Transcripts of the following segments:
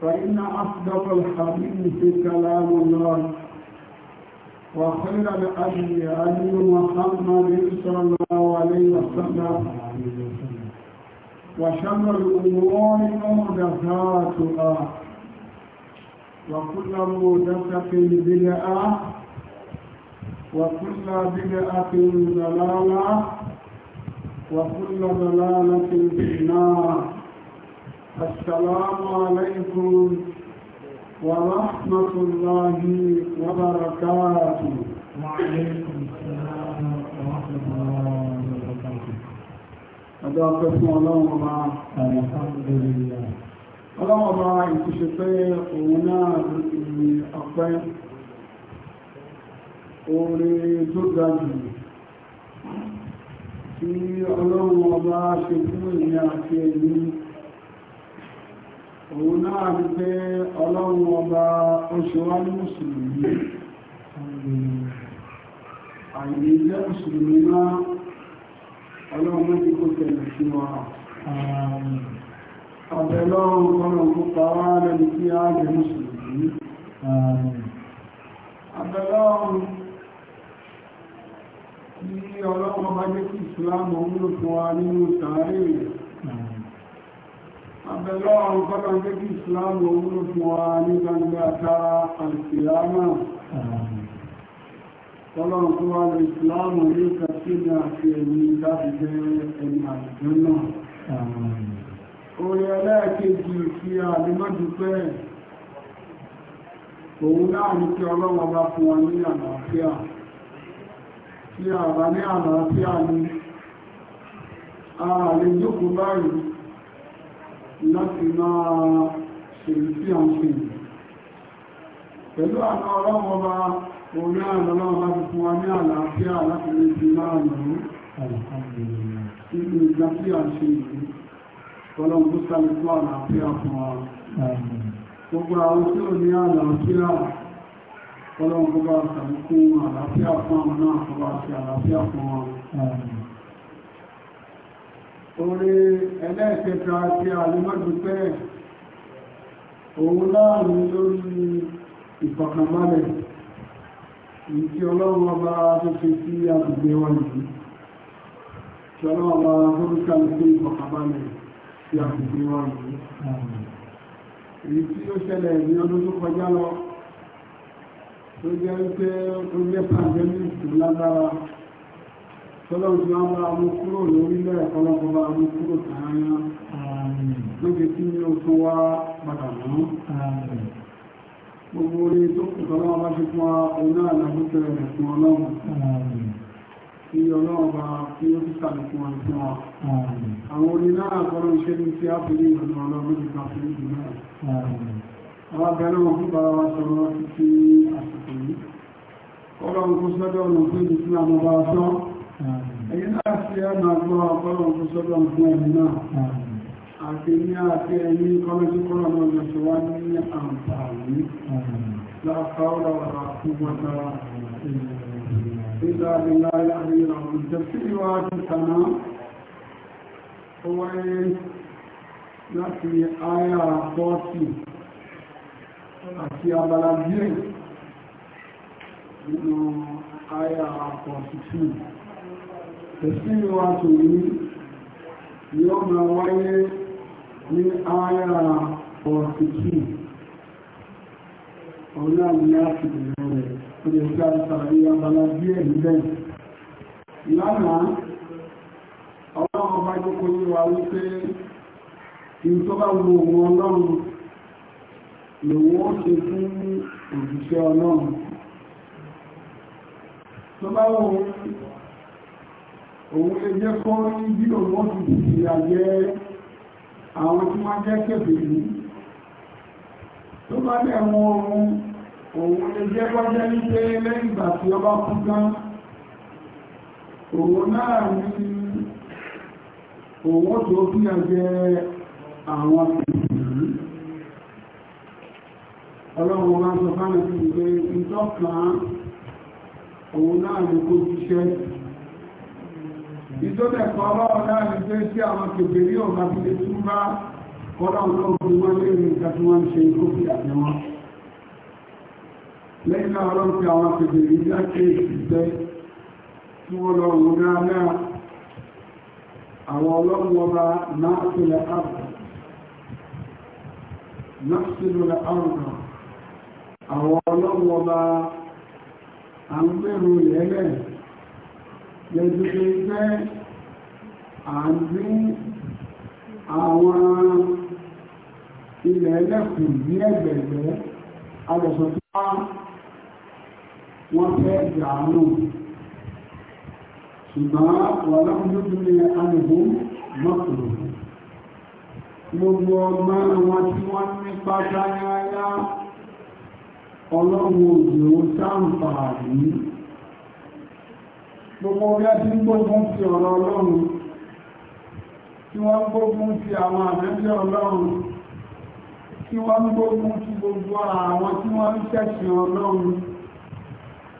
فإن أصدق الحديث كلام الله وخير الأبي أبي محمد صلى الله عليه وسلم وشر الأمور محدثاتها وكل محدثة بدعة وكل بدعة ضلالة وكل ضلالة في النار السلام عليكم ورحمة الله وبركاته وعليكم السلام ورحمة الله وبركاته Adá ọ̀pẹ́fún ọlọ́run ọba alhamdulillah. Ọlọ́run ọba ìtúṣe pé òun náà ní ọpẹ́ orí tó ga jù tí ọlọ́run ọba ṣe fún ìyá àti ẹ̀yìn òun náà ní pé ọlọ́run ọba oṣù wá ní mùsùlùmí àìyí jẹ́ mùsùlùmí náà ọlọ́run méjì kó tẹ̀lẹ̀ sí wa àbẹ̀lọ́run ọlọ́run kó pàwá lẹ́ni tí a jẹ́ mùsùlùmí àbẹ̀lọ́run ní ọlọ́run ọba jẹ́ kí ìsìlámù ń fún wa nínú tààrí àbẹ̀lọ́ àwọn fọ́kàn pé kí ìsìláàmù owúrò fún wa ní gbangba ta àìsìláàmù tọ́lọ́run tó wá lè ìsìláàmù ní kàtíyà àti ẹ̀mí láti jẹ́ ẹni àjẹ́ náà orí ẹlẹ́ẹ̀kejì kí a láti máa ṣèlú sí àwọn ṣèlú pẹ̀lú àwọn ọlọ́wọ́ bá orí àlọ́lọ́wọ́ bá fún wa ní àlàáfíà láti lè fi máa lòó nínú a ṣe ìlú ọlọ́run tó sáré fún àlàáfíà fún wa gbogbo àwọn tí ò ní àlàáfíà ọlọ́run tó bá sàmúkú àlàáfíà fún àwọn náà tó bá ṣe àlàáfíà fún wa orí ẹlẹ́ẹ̀kẹta àti àlúmọ́dúpẹ́ òun láàrin lórí ìfọ̀kànbalẹ̀ ìtí ọlọ́run ọba tó fi sí agbègbè wọn yìí tí ọlọ́run ọba tó fi ká lè ìfọ̀kànbalẹ̀ sí agbègbè wọn yìí èyí tí ó ṣẹlẹ̀ ní ọdún tó kọjá lọ tó jẹ́ wípé ní ìtò lágbára tọ́lọ́run tí wọ́n bá mú kúrò lórílẹ̀ ọ̀pọ̀lọpọ̀ bá mú kúrò tààyà lóde tí ní o tó wá padà mọ́ gbogbo orí tó kù tọ́lọ́wọ́ bá ṣe fún wa oná àlàbùtẹ̀ rẹ̀ fún ọlọ́run tí ọlọ́run bá tí ó ti sàlẹ̀ fún wọn fún wa àwọn orí kó sọ́dọ̀ ọ̀nà fún ìlú fún àwọn bá èyí náà sí ẹ̀nà àgbọ́ ọ̀pọ̀lọpọ̀ tó sọ́dọ̀ fún ẹ̀mí náà àti ní àti ẹni kọ́mẹ́sí kọ́nà náà lọ sí wá ní àǹfààní láàkọ́ọ̀lọ́ àkúgbọ́ta ìlà ìlà ìlà ìlà ìjọsí ìwádìí tàná ó wáyé láti àyà pọ́ọ̀tì àti abala nínú àyà pọ́ọ̀tì 2 ìsinmi wa tò ní yóò máa wáyé ní ayára ọ̀sìkí ọ̀nà láti ìrìnlẹ̀ ọdẹ̀ tí a sàárè abala díẹ̀ níbẹ̀ lánàá ọlọ́run ọba jókòó ní wa wípé ìtọ́bá wo òun ọlọ́run lòun ó ṣe fún òṣìṣẹ́ ọlọ́run tó bá wo òun òun lè jẹ́ kọ́ ní bí òun wọ́n ti fi àjẹ́ àwọn tí wọ́n jẹ́ kẹfẹ́ yìí tó bá dẹ̀ wọn ọrùn òun lè jẹ́ kọjá ní pé lẹ́yìn ìgbà tí ọba kú gan òun náà ní òun tó fi àjẹ́ àwọn kẹfẹ́ ọlọ́run wọn sọ fánà sí ìgbé ìtọ́kàn òun náà lè kó jíṣẹ́ ìtọ́tẹ̀kọ́ ọlọ́run náà ní pé tí àwọn kèbèrè ọ̀gá fi lè tún bá ọlọ́run náà fi wọ́n lè rìn ìta tí wọ́n ń ṣe ikú fi àti wọn lẹ́yìn náà ọlọ́run fi àwọn kèbèrè jáde ìgbẹ́ tí wọ́n lọ rùn náà náà àwọn ọlọ́run ọba àwọn lẹ́gbẹ̀ẹ́ pé àní àwọn ilẹ̀ ẹlẹ́kùn ní ẹgbẹ̀gbẹ̀ alẹ́sọ̀ tó wá wọ́n fẹ́ ìyàánù ṣùgbọ́n wọ́n lọ́kùnjú ní alẹ́bù mọ́kùnrin gbogbo ọmọ wọn tí wọ́n ní pátáyáyá ọlọ́run òjò sáǹfààní gbogbo orí ẹ̀tí ń gbógun ti ọ̀rọ̀ ọlọ́run tí wọ́n gbógun ti àwọn àmẹ́bí ọlọ́run tí wọ́n gbógun ti gbogbo àwọn tí wọ́n ń ṣẹ̀ṣẹ̀ ọlọ́run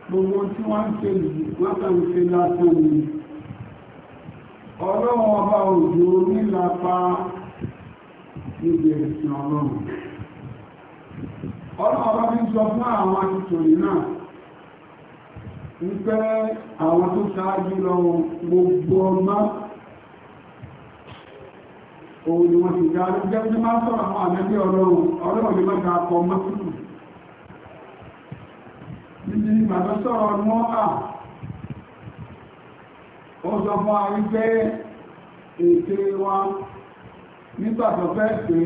gbogbo tí wọ́n ń ṣe yìí wọ́n kàn ń ṣe lásán ni ọlọ́run ọba òjò nílapa níbi ẹ̀sìn ọlọ́run ọlọ́run ọba ń sọ fún àwọn akìtòrí náà wípé àwọn tó ṣáájú lọ gbogbo ọmọ òun ni wọ́n ti dá jẹ́ tí máa sọ̀rọ̀ àwọn àmẹ́bí ọlọ́run ọlọ́run ni mọ́ta akọ mọ́sùlù níbi ìgbàtọ́ sọ̀rọ̀ mọ́ta ó sọ fún wa wípé ète wa nígbàtọ́ fẹ́ pé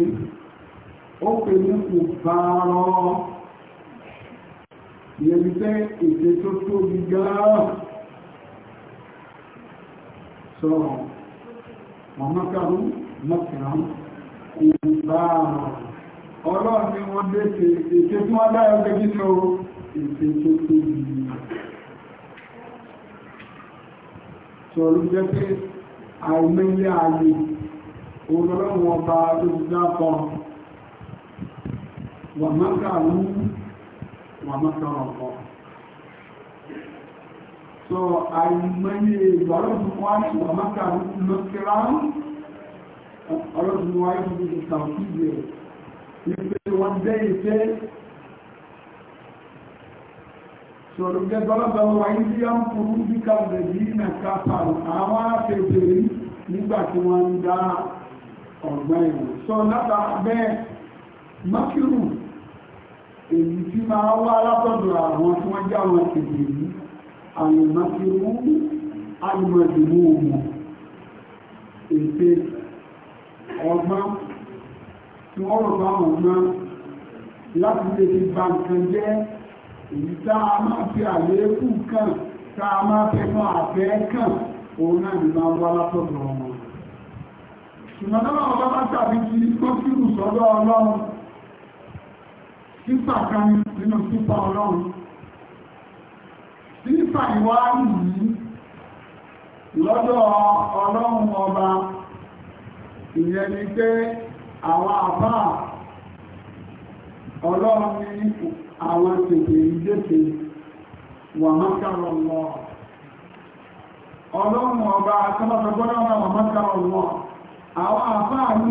ìyẹn ni pé ètè tó tóbi gáà sọ̀rọ̀ mọ̀mọ́kàrú mọ̀kàrú ìbáàrọ̀ ni wọ́n dé ṣe ètè tí wọ́n dáyọ̀ pé kí ló ètè tó tóbi sọ̀rọ̀ jẹ́ pé àìmẹ́lẹ́ ààyè olọ́run ọba tó ti dákọ̀ wọ́n mọ́ sọ̀rọ̀ ọ̀pọ̀ so àìmọye ìgbàlódún wá ní wọ́n mọ́ sọ̀rọ̀ lọ́kẹ́rà ọlọ́dún wá ní ìlú sàkíyè ìpè wọ́n jẹ́ ìfẹ́ sọ̀rọ̀ gẹ́gbọ́lọ́gbọ́ wà ní bí wọ́n kúrú bí kàbẹ̀ bí nà kápàlù àwọn afẹ́fẹ́ nígbà tí wọ́n ń dá ọ̀gbọ́n ìwọ̀n sọ látà bẹ́ẹ̀ mọ́kìrù èyí tí máa wá látọ̀dọ̀ àwọn tí wọ́n já wọn kèdè yìí àyùmọ̀ ti mú àyùmọ̀ ìdìbò òmò ète ọgbọ́n tí wọ́n rọ̀ bá wọn mọ́ láti lè fi ba nǹkan jẹ́ èyí tá a máa fi àléébù kàn tá a máa fẹnu àfẹ́ kàn òun náà ni máa wá látọ̀dọ̀ wọn. ṣùgbọ́n náà wọn bá tàbí kí kọ́sìrù sọ́dọ̀ ọlọ́run sípà kan nínú sípà ọlọ́run sípà ìwà yìí lọ́dọ̀ ọlọ́run ọba ìyẹn ni pé àwọn àbá ọlọ́run ní àwọn tètè ìdètè wà mọ́kàrọ̀ lọ ọlọ́run ọba akọ́mọ́sọgbọ́n náà wà mọ́kàrọ̀ lọ àwọn àbá ní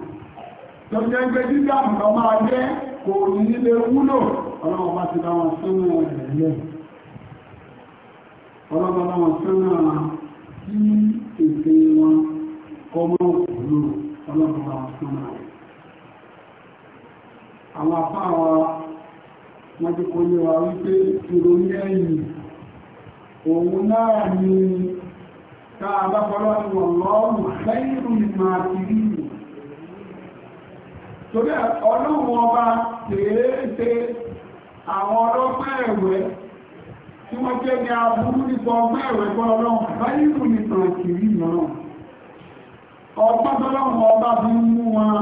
lọ́jọ́ ẹgbẹ́ dídá nǹkan máa jẹ́ kò ní nílé wúlò ọlọ́run bá ti bá wọn sínú ẹ̀rẹ̀ ọlọ́run bá wọn sínú tí ètè wọn kọmọ òkúrò ọlọ́run bá wọn sínú rẹ̀ àwọn apá wa wọ́n ti kó lé wa wípé torí ọlọ́run ọba tèrè ṣe àwọn ọlọ́pẹ́ ẹ̀wẹ́ tí wọ́n jẹ́ ní aburú nípa ọgbẹ́ ẹ̀wẹ́ gbọ́ọ̀lọ́run báyìí kù ní tàǹkìrí náà ọgbọ́n tọ́lọ́run ọba fi ń mú wọn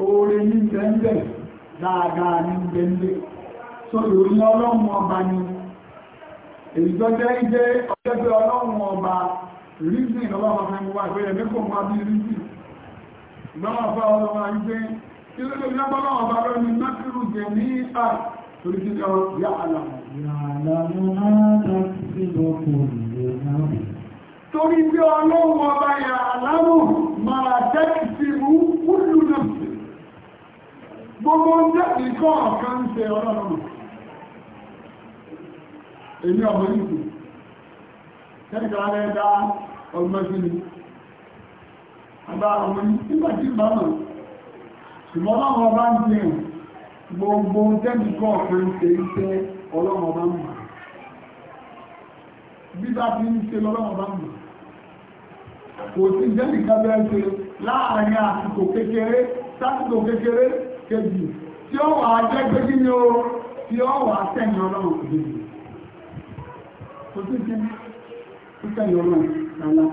oore ní bẹ́ńbẹ́ dáadáa ní bẹ́ńbẹ́ sórí orí ọlọ́run ọba ni èyí tó jẹ́ ìjẹ́ ọjọ́ pé ọlọ́run ọba rízìn lọ́wọ́ ọmọ fẹ́ mú wa ìpẹ́yẹ mẹ́kọ̀ọ́ mú abí rízìn ìgbọ́nà ọ̀fà ọlọ́wà ń gbé ìlúlò lábọ́lá ọba rẹ̀ ni mákìrù jẹ ní à torí tí kan yá àlàmù torí bí ọlọ́run ọba yà àlámù máa tẹ́kì sí mú kúrù náà gbogbo jẹ́ ìkọ́ ọ̀kan ṣe ọlọ́run èmi ọmọ ìsìn tẹ́kì àbá àwọn nígbàtí bàmà ṣùgbọ́n láwọn ọba ń bí hàn gbogbo tẹ́mìkọ́ ọ̀kan ṣe ń tẹ́ ọlọ́run ọba mọ̀ bí bá fi ń ṣe lọ́lọ́run ọba mọ̀ kò sí jẹ́nìkan bẹ́ẹ̀ ṣe láàárín àsìkò kékeré sásìkò kékeré kejì tí ó wà jẹ́ pé kí ni ó tí ó wà sẹ́yìn ọlọ́run kò sí kí ni ọlọ́run rárá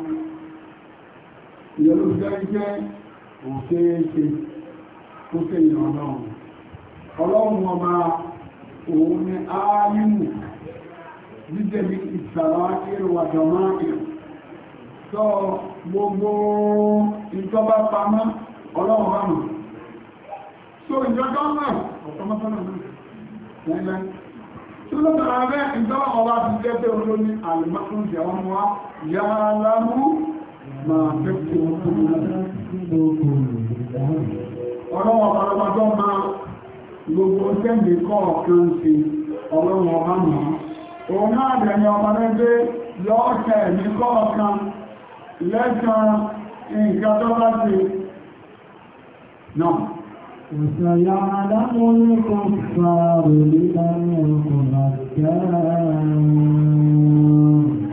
ìyẹn ló jẹ́ jẹ́ òṣèṣe tó fẹ́ ìyàn ọlọ́run ọlọ́run ọba òun ni ááyùmù jíjẹ́ bí ìsàrá ìrọ̀wà jọmọ́ ìrọ̀ sọ gbogbo ìjọba pamọ́ ọlọ́run bá mọ̀ so ìjọba náà ọ̀tọ́mọ́tọ́nà náà Tílọ́tàrà rẹ̀ ìjọba ọba ti jẹ́ pé olóní àlùmọ́kùnrin jẹ́ wọn wá yára lámú máa fẹ́ tí wọ́n fún mi lábẹ́ gbogbo ìdáhùn. ọlọ́wọ́ ọlọ́wọ́ tó máa gbogbo sẹ́ǹdì kọ̀ọ̀kan sí ọlọ́wọ́ ọba mọ́. òun náà dẹ̀ ni ọba lẹ́gbẹ́ lọ́ọ̀tẹ̀ ní kọ̀ọ̀kan lẹ́sàn nǹkan tó bá ti náà. وسيعلم الكفار لمن يكون الكافر.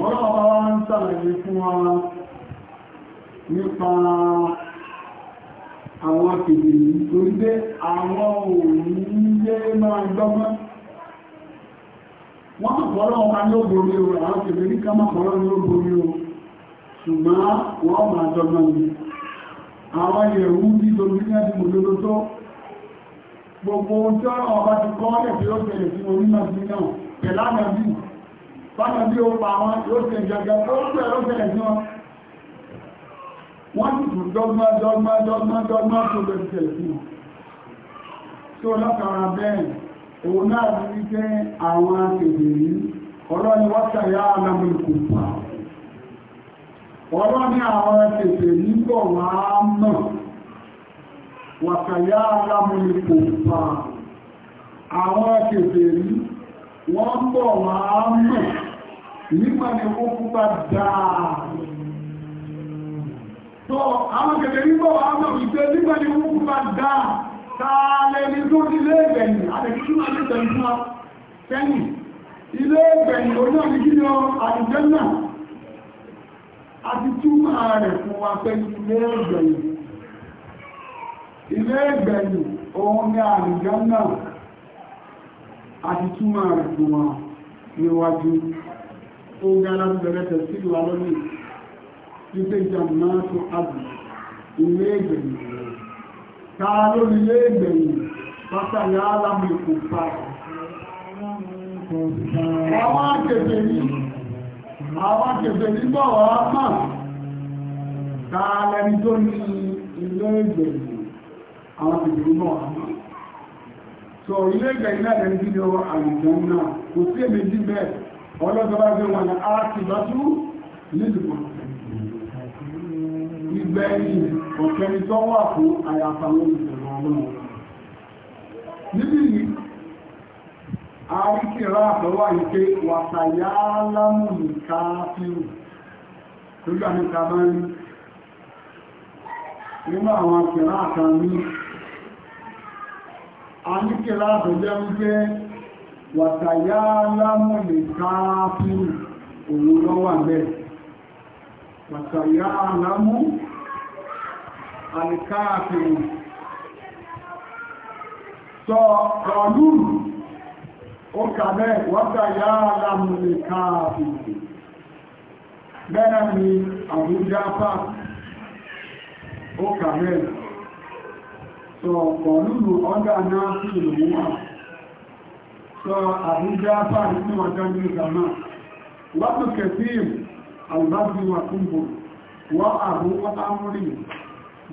ọlọ́wọ́ ń sàlàyé fún wa nípa àwọn kèbèrè torí pé àwọn òun jẹ́ máa gbọ́gbọ́n wọ́n àpọ̀lọ́ ọmọ ní ògbòrí o àwọn kèbèrè ká máa pọ̀lọ́ ní ògbòrí o ṣùgbọ́n wọ́n máa dọ́gbọ́n ni àwọn yẹ̀rù bí torí ní àti mòdòdó tó gbogbo ọjọ́ ọba ti kọ́ ẹ̀fẹ́ ó tẹ̀lẹ̀ sí onímọ̀ sí náà pẹ̀lá nàbí fánàbí ó pa wọn yóò tẹ̀ jàgbà ó tẹ̀lẹ̀ sí wọn wọ́n ti tún dọ́gbá dọ́gbá dọ́gbá dọ́gbá tó bẹ̀rẹ̀ tẹ̀lẹ̀ sí tó látara bẹ́ẹ̀ òun náà ti rí jẹ́ àwọn agbègbè yìí ọlọ́ni wọ́ta yá alámọ̀lùkù pa ọlọ́ni àwọn agbègbè yìí bọ̀ wá mọ̀ wọ́n mọ̀ nígbà ni ó kúpa dáa tó àwọn kẹ̀kẹ́ nígbọ́ wà náà ìgbé nígbà ní wọ́n bá dá tààlẹ̀ ní tó nílé ìgbẹ̀yìn àtẹ̀kìtìmọ̀ ní tẹ̀lifíà kẹ́yìn ilé ìgbẹ̀yìn oná ní àti túmọ̀ rẹ̀ fún wa pé ilé ilé wípé ìjàm̀má tó àbù ilé ìgbẹ̀yìn ta ló ní ilé ìgbẹ̀yìn pátálẹ̀ alámù ikú pa àwọn àjẹ̀bẹ̀ ní àwọn àjẹ̀bẹ̀ nígbà wà á mà ta lẹni tó ní ilé ìgbẹ̀yìn àwọn àjẹ̀bẹ̀ nígbà wà á mà so ilé ìgbẹ̀yìn náà lẹni tí ó àjẹ̀bẹ̀ náà kò sí èmi jí bẹ́ẹ̀ ọlọ́gbọ́n bá gbé wọn ní á ti bá tú nílùú lẹ́yìn òkẹni tó wà fún àyàfàwọn ìṣẹ̀lẹ̀ ọlọ́run níbi yìí a rí kíra àtọwà ìpé wàtàyà lámù nìka fíru nígbà nìka máa ń nínú àwọn kíra àtàmì a ní kíra àtọjẹ́ wípé wàtàyà lámù nìka fíru òun lọ́wà bẹ́ẹ̀ wàtàyà lámù nìka alikáàfihù sọ kọlùrù ó kàbẹ́ wọ́ta yá lámù alikáàfihù bẹ́ẹ̀ ni àbújáfà ó kàbẹ́ sọ kọlùrù ọ́dá náà sí ìlú wà sọ àbújáfà nínú ọjọ́ ní ìgbàmà wọ́pù kẹfíìm albábíwà kúmbò wọ́n àbúwọ́ ámúrí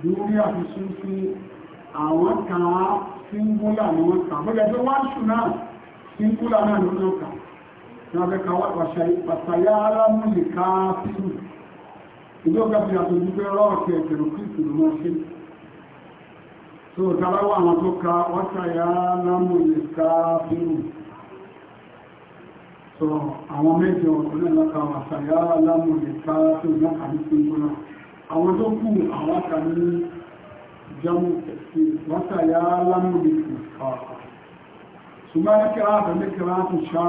lórí àfisún sí àwọn kan síngúlà ní wọ́n kà bọ́lẹ̀ pé wọ́n ṣù náà síngúlà náà ló náà kà ní wọ́n fẹ́ ka pàṣàyà alámú lè ká fíìmù ìlú ọ̀gá fi àtòjú pé rọ́ọ̀kì ẹ̀kẹ̀rù kìtì ló máa ṣe so tàbáwọ̀ àwọn tó ka pàṣàyà alámú lè ká fíìmù so àwọn méjì ọkùnrin lọ́ka pàṣàyà alámú lè ká fíìmù náà kà ní síngúlà náà àwọn tó kú àwọn kàní jamu tẹ̀sí wata ya lamu da ku kafa su ma na kira da na kira su sha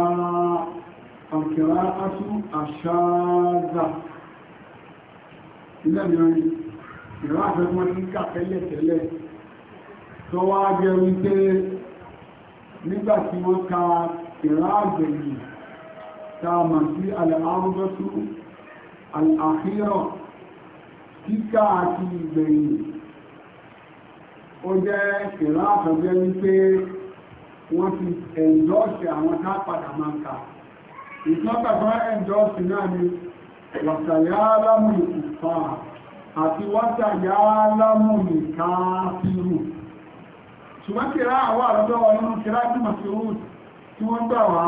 a kira su a sha za ilẹ̀ mìíràn ìrọ̀ àfẹ́fẹ́ wọn ti kà tẹ́lẹ̀ tó wá jẹ́ wípé nígbàtí wọ́n ka ìrọ̀ àgbẹ̀yìn ta mà sí alẹ́ àrùbọ́sù àlàáfíà kíkà àti ìgbẹ̀yìn ó jẹ́ ìrá àtọ́jẹ́ wípé wọ́n ti ẹ̀ndọ́ọ̀sì àwọn tá padà máa ń kà ìtọ́ka fún ẹ̀ndọ́ọ̀sì náà ni wàtàyálámù ìfà àti wàtàyálámù ìkáfíru ṣùgbọ́n kìrá àwọn àrọ́dọ́ wọn nínú kìrá tí màṣírù tí wọ́n gbà wá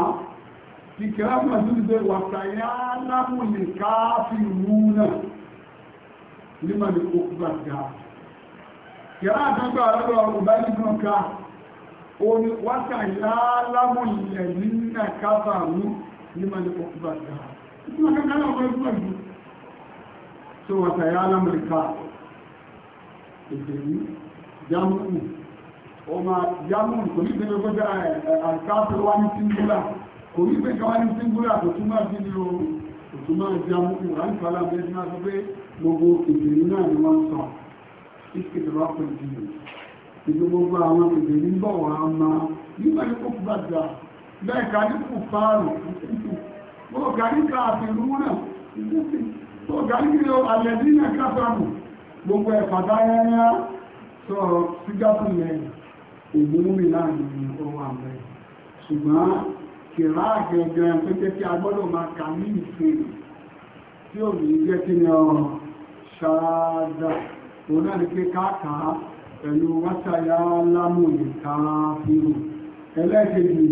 ti kìrá màṣírù pé wàtàyálámù ìkáfíru náà liman okubat ga yàrá àtàgbà àrọ́gbà ọgbà ìgbọ̀n ká omi wáta lálámù ilẹ̀ nínú káfà mú liman okubat ga ìgbọ̀n kankan náà wọ́n gbọ́n jù tó wàtà yálámù ká ìgbèrí jámùkù ọmọ jámùn kò ní ìgbẹ̀rẹ̀ gbọ́dọ̀ àkáfẹ́ wá ní síngúlà kò ní ìgbẹ̀rẹ̀ wá ní síngúlà kò túnmọ̀ sí ní oòrùn òtún máa jẹ́ amúkùn láti fàlà bẹ́ẹ̀ máa sọ pé gbogbo ìbèrè náà ni wọ́n sọ ìkìlọ̀ pẹ̀lú ìlú gbogbo àwọn ìbèrè ń bọ̀ wá máa nígbà ní kò bá dà bẹ́ẹ̀ ká ní kò fáàrù gbogbo ká ní ká àfihàn náà tó ká ní kí ló alẹ́ nínú ẹ̀ká fáàrù gbogbo ẹ̀fàdá yẹnyá sọ̀rọ̀ sígápù yẹn ògbómìnira ìlú ọwọ́ àmẹ́ ṣùgbọ́n kìrá gẹ̀gẹ̀ tó jẹ́ kí a gbọ́dọ̀ máa kà ní ìsìn tí ò ní jẹ́ kí ni ọ̀rọ̀ ṣáàdà òun náà ní pé káàkàá pẹ̀lú wáṣàyá lámùlì káàfíìrù ẹlẹ́ẹ̀kejì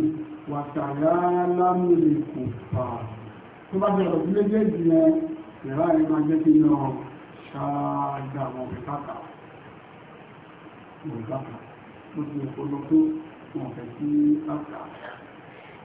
wàṣàyá lámùlì kò fà tó bá jọ̀rọ̀ bí méjèèjì yẹn kìrá rẹ̀ máa jẹ́ kí ni ọ̀rọ̀ ṣáàdà wọn fẹ́ káàkàá wọn káàkàá ó ti kó lọ sí káàkàá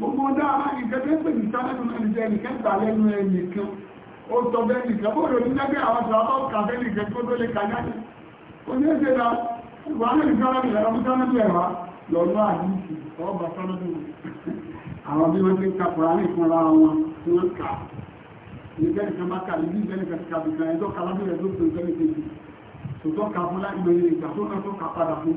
gbogbo dáadáa ìgbẹ́gbẹ́ pè ní sáàlẹ́nu ẹnìjẹ́ ẹnìkẹ́ gbà lẹ́nu ẹnìkan ó sọ bẹ́ẹ̀ nìkan bóòrò ní lẹ́gbẹ́ àwọn sọ̀rọ̀ ọkà bẹ́ẹ̀ nìkan tó tó lè kàjá ní oníṣẹ́ la wàhálà ìsára ní ẹ̀rọ sáàlẹ́nu ẹ̀wà lọ́nà àdìsí ọba sáàlẹ́nu àwọn bí wọ́n ti ń kàkùrà ní ìfúnra wọn bá kà ní bí ti kà ẹjọ́ kalábìrẹ̀ tó tó ìgbẹ́ni kejì tòótọ́ kà fún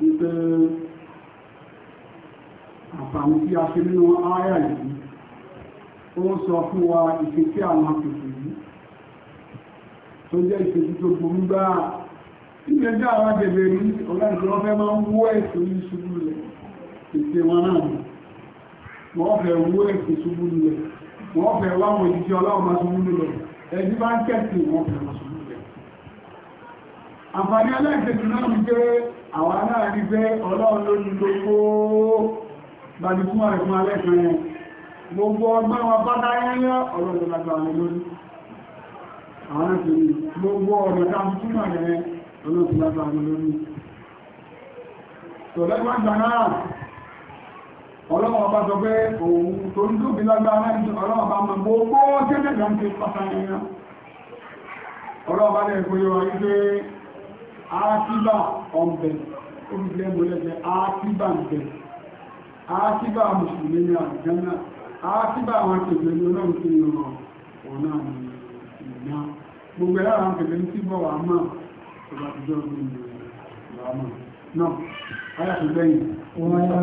wípé àtàwọn tí a ṣe nínú ààyà yìí ó ń sọ fún wa ìṣe tí àwọn àpèsè yìí tó jẹ́ ìṣèjú tó burú gbáà ilé jẹ́ àwọn agbègbè rí ọlọ́run fẹ́ máa ń wó ẹ̀sùn ní ṣubú rẹ̀ ètè wọn náà ni wọ́n fẹ́ wó ẹ̀sùn ṣubú rẹ̀ wọ́n fẹ́ wáwọn òjijì ọlọ́run máa ṣubú rẹ̀ ẹni bá ń kẹ́sì wọ́n fẹ́ máa ṣubú rẹ̀ àǹfààní aláìsèkì náà ń gbé àwọn náà rí pé ọlọ́run ló ní gbogbo bàbí fún àìfún alẹ́sàn yẹn gbogbo ọgbọ́n wọn bá dáyẹ́yẹ́ ọlọ́run lágbàrá lórí àwọn náà ti rí gbogbo ọ̀dọ̀ táàmù túnmọ̀ rẹ̀ ọlọ́run lágbàrá lórí tọ̀lẹ́gbàgbà náà ọlọ́wọ́ bá sọ pé òun tó ń dúbí lágbára ní ọlọ́wọ́ bá mọ̀ gbogbo ákíbà ọ̀bẹ̀ olùgbẹ́ mọ́lẹ́gbẹ́ ákíbà ọ̀bẹ̀ ákíbà mùsùlùmí ní àjẹ́nà ákíbà àwọn kèfèrè ní ọlọ́run tí ó rọ̀ ọ̀nà ìgbà gbogbo ẹ̀rọ àwọn kèfèrè tí bọ̀ wà máa tó bá ti ọdún ìgbà náà ayàtúgbẹ́yìn ويقول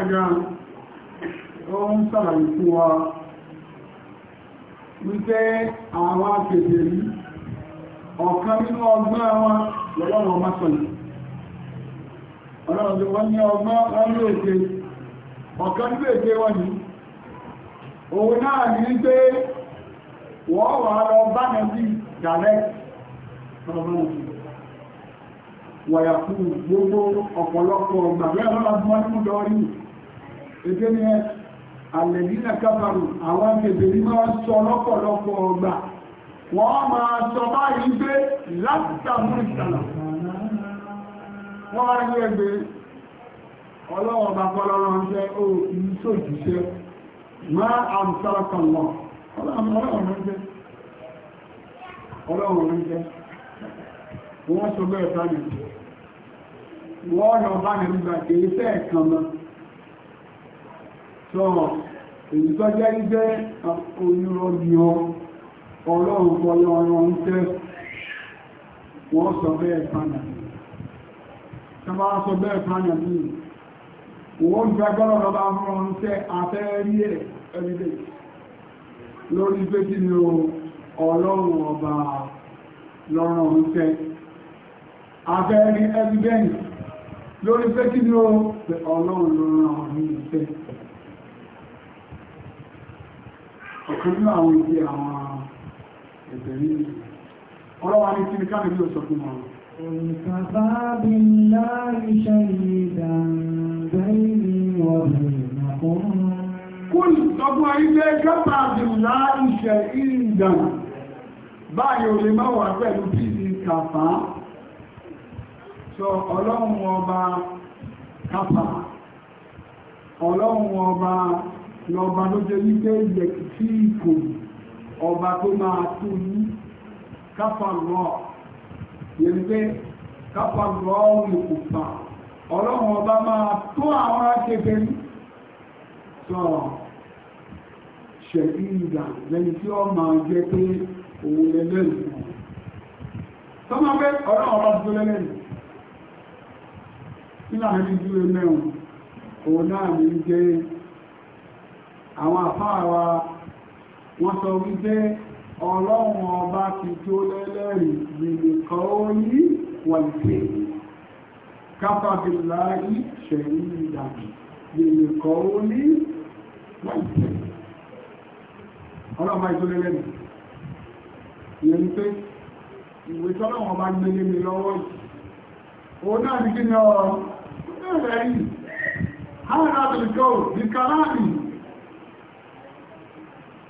ọlọ́ọ̀bá ó ń sàlàyé fún wa wípé àwọn akèdè yìí ọ̀kan nínú ọgbọ́n wọn lọ́lọ́rọ̀ mọ́sànlẹ̀ ọlọ́rọ̀ tí wọ́n ní ọgbọ́n wọn ọ̀kan nínú èdè ni òun náà ní pé wọ́n wà lọ bá nàbí ọ̀pọ̀lọpọ̀ lọ rí ni ẹ àlẹ̀dínà káfàrù àwọn kèbèrè máa sọ lọ́pọ̀lọpọ̀ ọgbà wọ́n máa sọ báyìí pé látàmú ìsànà wọ́n wá ní ẹgbẹ́ ọlọ́wọ́ bá fọ́lọ́rọ́ ń jẹ́ ó ní sójúṣẹ́ máa àmsárakàn lọ ọlọ́wọ́ ń jẹ́ wọ́n sọ bẹ́ẹ̀ sọ́rọ̀ èyí tó jẹ́ gbígbẹ́ onírọ́bí ọlọ́run kọlọ ọlọ́run tẹ́ wọ́n sọ bẹ́ẹ̀ pàdà tọba sọ bẹ́ẹ̀ pàdà ní wọ́n gbẹ́gbọ́rọ̀ lọ́ba ọlọ́run tẹ́ afẹ́rí ẹ̀ ẹ̀rẹ́dẹ̀ lórí pé kí ni ọlọ́run ọba lọ́rọ̀un tẹ́ afẹ́rí ẹ̀rẹ́dẹ̀ lórí pé kí ọ̀kan nínú àwọn ibi àwọn ẹ̀bẹ̀ nínú ọlọ́wà ní kíni káàkiri yóò sọ fún wọn Òǹkàfà bí láàrín ṣe ìlú ọ̀rẹ́ ìrìnàkọ́rùn-ún. Kúrì ilé gẹ́gbà bí láàrín ṣe báyìí ò máa wà pẹ̀lú bí i kàfà sọ ọlọ́run ọba kàfà ọlọ́run ọba lọ́ba ló jẹ́ wípé ilẹ̀ tí ìkò ọba tó máa tó ní káfàlọ́ yẹn pé káfàlọ́ olùkùnfà ọlọ́run ọba máa tó àwọn akẹ́kẹ́ ní sọ̀rọ̀ ṣẹ̀dí ìgbà lẹ́ni tí ó máa jẹ́ pé òun lẹ́lẹ́rù sọ́mọ́ pé ọlọ́run ọba tó lẹ́lẹ́rù nílànà ìdílé mẹ́rin òun náà ní jẹ́ àwọn àfáàwà wọ́n sọ wípé ọlọ́run ọba ti tó lẹ́lẹ́rìí gbèrè kan ó ní wọ̀lùkẹ́ kápábìláì ṣẹ̀rí ìdàgbì gbèrè kan ó ní wọ̀lùkẹ́ ọlọ́run ọba ìtó lẹ́lẹ́rìí ìyẹn pé ìwé tọ́lọ́run ọba gbélé mi lọ́wọ́ yìí òun náà ní kí ni ọ̀rọ̀ ẹ̀rẹ̀ yìí hàn láti lè kọ́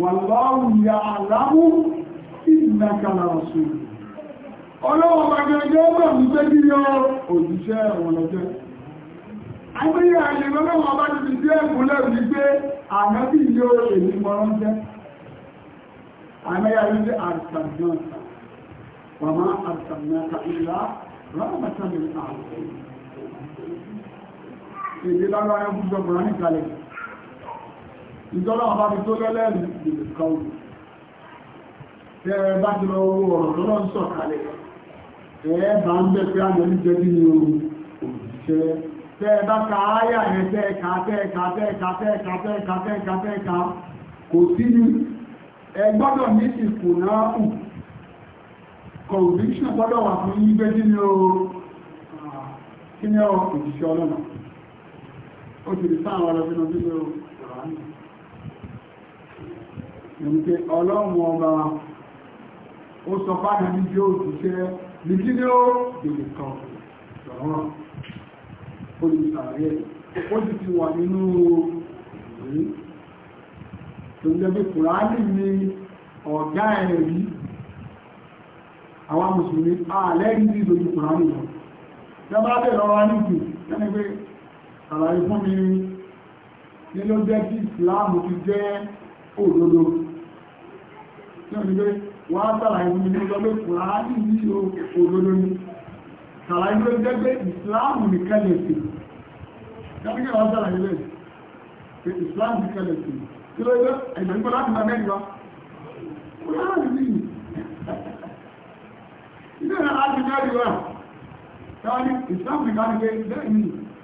wàláwù ya àlámú ìdínàkàlà ọ̀sùn ọlọ́wọ́ gbàgbẹ́gbẹ́ ọgbà wípé bí yọ òjíṣẹ́ ẹ̀wọ̀n lọ́jẹ́ agbẹ́yẹ àyè lọ́lọ́wọ́ bá ti fi díẹ̀ múlẹ̀ wípé ànábì yọ èyí mọ́rán jẹ́ àmẹ́yà wípé àrìsàgbọ́nsà wàmá àrìsàgbọ́nsà ìlà rọ́bàtà ní àwọn ìjọba ọba mi tó lẹ́lẹ́rì ìdìkan òun tẹ́ẹ̀ bá ti lọ owó ọ̀rọ̀ tó lọ ń sọ̀kalẹ̀ ẹ̀ẹ́ bá ń bẹ̀ pé àmọ́ ní jẹ́ nínú òṣìṣẹ́ tẹ́ẹ̀ bá ka áyà yẹn tẹ́ẹ̀ka tẹ́ẹ̀ka tẹ́ẹ̀ka tẹ́ẹ̀ka tẹ́ẹ̀ka tẹ́ẹ̀ka tẹ́ẹ̀ka kò sí ní ẹ gbọ́dọ̀ ní ìkùnà ù conviction gbọ́dọ̀ wà fún yí bẹ́ nínú òṣìṣẹ́ ọlọ́run ó ti rí sáà wọn lọ sínú nínú ìrìnkè ọlọ́run ọba ó sọ fáàdà ní tí ó ṣiṣẹ́ ní kí ní ó dèrè kan lọ́rọ̀ olùsàárẹ̀ ó sì ti wà nínú ìwé tó ń jẹ́ kùránì ní ọ̀gá ẹ̀rí àwọn mùsùlùmí ààlẹ́rí ní ìlú kùránì lọ lọ́bàá bẹ̀rẹ̀ lọ́wọ́ nígbì lẹ́ni pé àlàyé fún mi ní ló jẹ́ kí ìsìláàmù ti jẹ́ òdodo náà ní pé wọ́n á sàlàyé ní ọjọ́ pé kùránì ní òdodo ní sàlàyé ló jẹ́ pé ìsìláàmù ní kẹ́lẹ̀sì dábíkẹ́ wọ́n sàlàyé lẹ́ pé ìsìláàmù ní kẹ́lẹ̀sì kí ló jẹ́ ẹ̀jẹ̀ nípa láti máa mẹ́rin lọ kùránì ní ilé ìrìn àti mẹ́rin wà táwọn ìsìláàmù ní kẹ́lẹ̀sì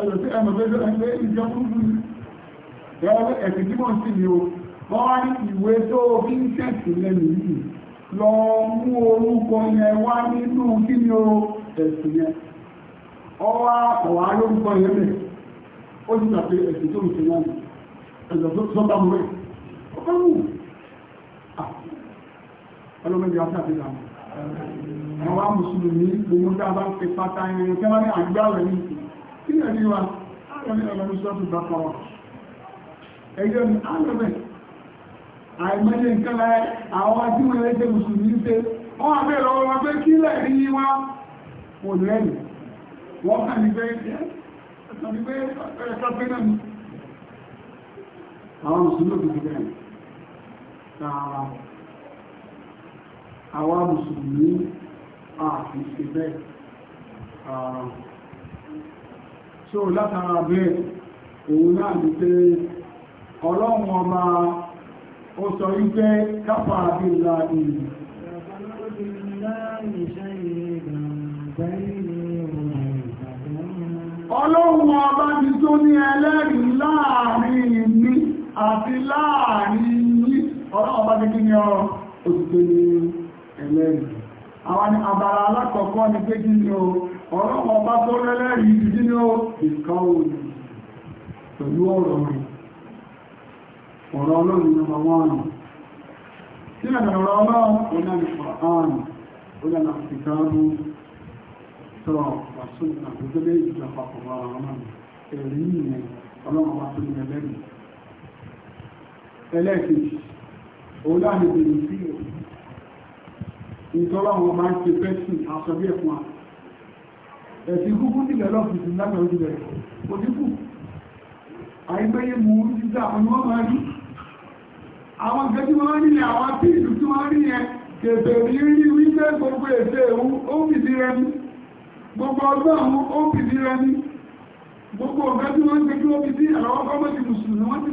ẹlòmí ẹmọ̀ bẹ́ẹ̀ bẹ́ẹ̀ pé ìjọ kúrú ẹ̀rọ ẹ̀sìn tí wọ́n sì ní o wọ́n wá ní ìwé tó fi ń tẹ̀sì lẹ́nu yìí lọ mú orúkọ yẹn wá nínú kí ni o ẹ̀sìn yẹn ọwá ọ̀wá lórúkọ yẹn bẹ̀ ó ti tàbí ẹ̀sìn tó ń náà ẹ̀sìn tó sọ́gbà mú ẹ̀ ọkọ̀ wù ọlọ́mọdé a bá kí ni àníwá ààrẹ ọlọ́run sọ́tù bá kọ́ ẹgbẹ́ mi ààrẹ àìmọ́lẹ̀ nǹkan láyé àwọn tí wọ́n lẹ́gbẹ́ mùsùlùmí ṣe wọ́n àbẹ́ lọ́wọ́ wọn pé kí lẹ́rí yí wá kò lẹ́rì wọ́n kà ní pé ẹ̀ẹ́sọ́ pé náà ni àwọn mùsùlùmí òkè bẹ̀rẹ̀ tààrà àwọn mùsùlùmí àti ìṣẹ́ bẹ́ẹ̀ tààrà so látara bẹ́ẹ̀ òun náà ní pé ọba ó sọ wípé káfà bí láàbí ọlọ́run ọba ti tó ní ẹlẹ́rìí láàrin ní àti láàrin yí ọlọ́run ọba ti kí ni ọ òtítẹ́ ní àwọn alákọ̀ọ́kọ́ ni pé kí o ọ̀rọ̀ ọba tó lẹ́lẹ́rìí ti dínú ìkan òní pẹ̀lú ọ̀rọ̀ rẹ̀ ọ̀rọ̀ ọlọ́run nọmba wọ́nà tí ẹ̀dẹ̀ ọ̀rọ̀ ọlọ́run ọ̀nà nípa ààrùn ọ̀nà àfikàrù tọ́ àṣùn àgbẹ̀gbẹ̀ ìjọ àpapọ̀ ọ̀rọ̀ náà ẹ̀rí ìyẹn ọlọ́run wá tó ní ẹlẹ́rìí ẹlẹ́ẹ̀kejì òun láàrin bèrè sí ìtọ́lọ́run ọba ń ṣe fẹ́sìn aṣọ bí ẹ̀fún ẹ̀sì kúkú nílẹ̀ lọ́pùsù láti ọdún bẹ̀rẹ̀ òdíkù àìgbẹ́yẹ mú àwọn ọmọ rí àwọn gẹ́gẹ́ wọ́n rí àwọn tí ìlú tí wọ́n rí yẹn kèfè rí rí wípé gbogbo ètò ẹ̀hún ó gbogbo ọgbọ́n àwọn ó gbogbo ọ̀gá tí wọ́n àwọn ti mùsùlùmí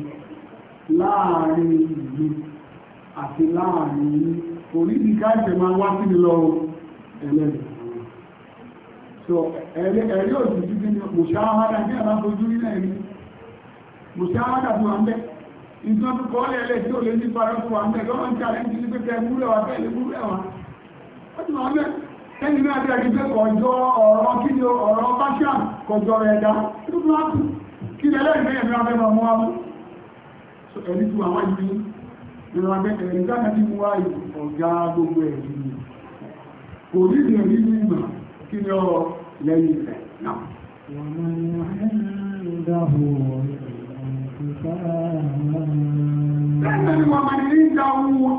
láàrin ìlú àti láàrin orílẹ̀ káàkiri máa wá sí lọ ẹlẹ́dẹ̀ so ẹ̀rí òjìjú ní mùsáhádà ní àbáfojú nílẹ̀ ẹ̀rí mùsáhádà tó wà ń bẹ́ ìtàn tó kọ́ lẹ́lẹ́ tí ó lè ní fara fún wa ń bẹ́ gọ́ọ̀mù tí a lè ń jílé pẹ́kẹ́ múlẹ̀ wà bẹ́ẹ̀ lè múlẹ̀ wà ó ti wà ń bẹ́ ẹni náà bí a ti fẹ́ kọjọ́ ọ̀rọ̀ kí ni ọ̀rọ̀ báṣà kọjọ́ rẹ̀ dá kí ẹni tí wọ́n wáyé ìrọ̀ abẹ́kẹ̀rẹ̀ nígbàtà tí mú wáyé ọ̀gá gbogbo ẹ̀rí kò rí ìrìn rí ní ìmọ̀ kí ni ọ lẹ́yìn rẹ̀ náà wọ́n máa ní ìdáhù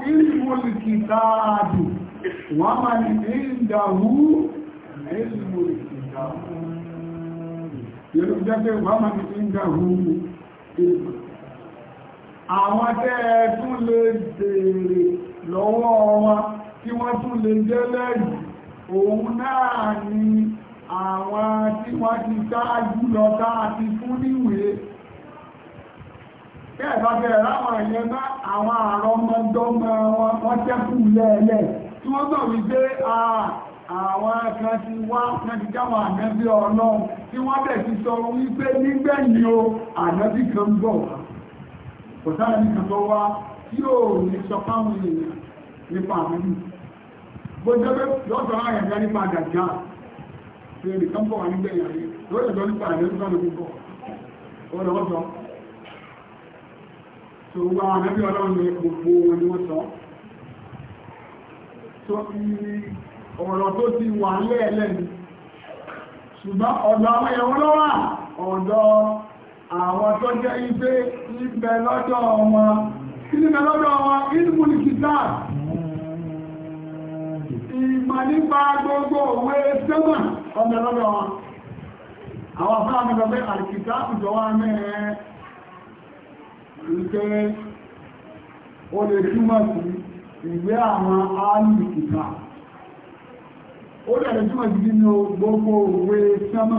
ìrìnwòlìkìtàádù, ní ìdáhù àwọn tẹ́ ẹ tún lè béèrè lọ́wọ́ wọn tí wọ́n tún lè jẹ́ lẹ́yìn òun náà ni àwọn tí wọ́n ti ṣáájú lọ tá a ti fún níwèé kẹ́ẹ̀bá bẹ̀rẹ̀ láwọn ẹ̀yẹ bá àwọn àrọmọdọ́mọ wọn wọ́n tẹ́kù lẹ́ẹ̀lẹ́ tí wọ́n gbọ́ wípé àwọn kan ti wá kan ti jáwọn ànábí ọlọ́run tí wọ́n bẹ̀ ti sọ wípé nígbẹ̀yìn o ànábí kan bọ̀ wá kò sára ní kan tó wá tí ó ní sọ fáwọn èèyàn nípa àmì bó jẹ́ pé lọ́sọ̀ ara ẹ̀dá nípa àdàjá tí ẹnì kan bọ̀ wá nígbẹ̀ ní gbogbo ni wọ́n sọ tó ọ̀rọ̀ tó ti wà lẹ́ẹ̀lẹ́ni ṣùgbọ́n ọ̀dọ̀ àwọn ẹ̀wọ́n lọ́wọ́ ọ̀dọ̀ àwọn tó jẹ́ ife ibẹ̀ lọ́dọ̀ wọn kí lọ́dọ̀ wọn ilmù ní kìtà ìmọ̀ nípa gbogbo òwe sẹ́mà ọmọ lọ́dọ̀ wọn àwọn fúlàmì lọ pé àìkìtà ìjọ wá o àwọn áàlù kìtà ó lè túmọ̀ sí gbogbo òwe sẹ́mà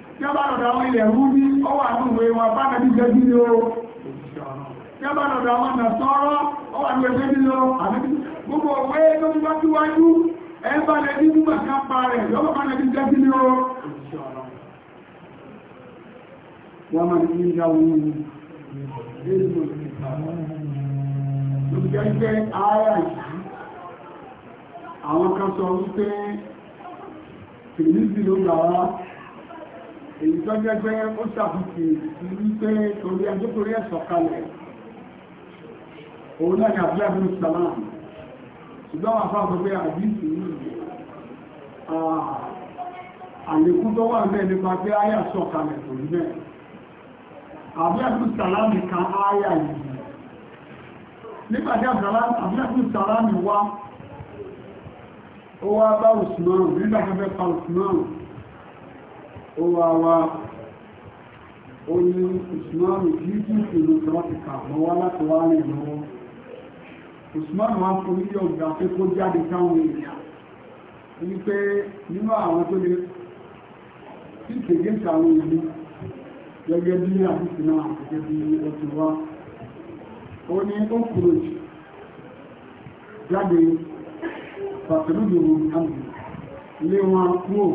tí a bá lọ́dọ̀ àwọn ilẹ̀ rú ní ọwà àtúnwé wọn bá nàbí gẹ́gí ní o tí a bá lọ́dọ̀ àwọn ọ̀nà sọ́rọ́ ọwà àtúnwé gẹ́gí ní o gbogbo òwe tó ń bá tíwájú ẹgbà lẹ ní àwọn kan sọ wípé tèmí ló gbà wá èyí tó jẹ́ pé ó ṣàfihàn sí wípé torí ẹjọ́ torí ẹ̀sọ̀ kalẹ̀ òun náà ni àbúrò àbúrò sàlám ṣùgbọ́n wà fáwọn pé àdìsí àlékún tó wà mẹ́ nípa pé áyà sọ̀ kalẹ̀ torí mẹ́ àbúrò àbúrò sàlám kan áyà yìí nígbàtí àbúrò àbúrò sàlám wá ó wá bá òsùnmọ́rùn nígbàtí àbúrò sàlám ó wá wá ó ní usman jíjí ìlú tọ́pìkà mọ́ wá láti wá rìn lọ́wọ́ usman wá fún ní ọgbà pé kó jáde táwọn èèyàn ní pé nínú àwọn tó lè tí kèké sàwọn ìlú gẹ́gẹ́ bí àbúkù náà gẹ́gẹ́ bí ọtún wá ó ní ó kúrò jù jáde pàtàkì wọn kúrò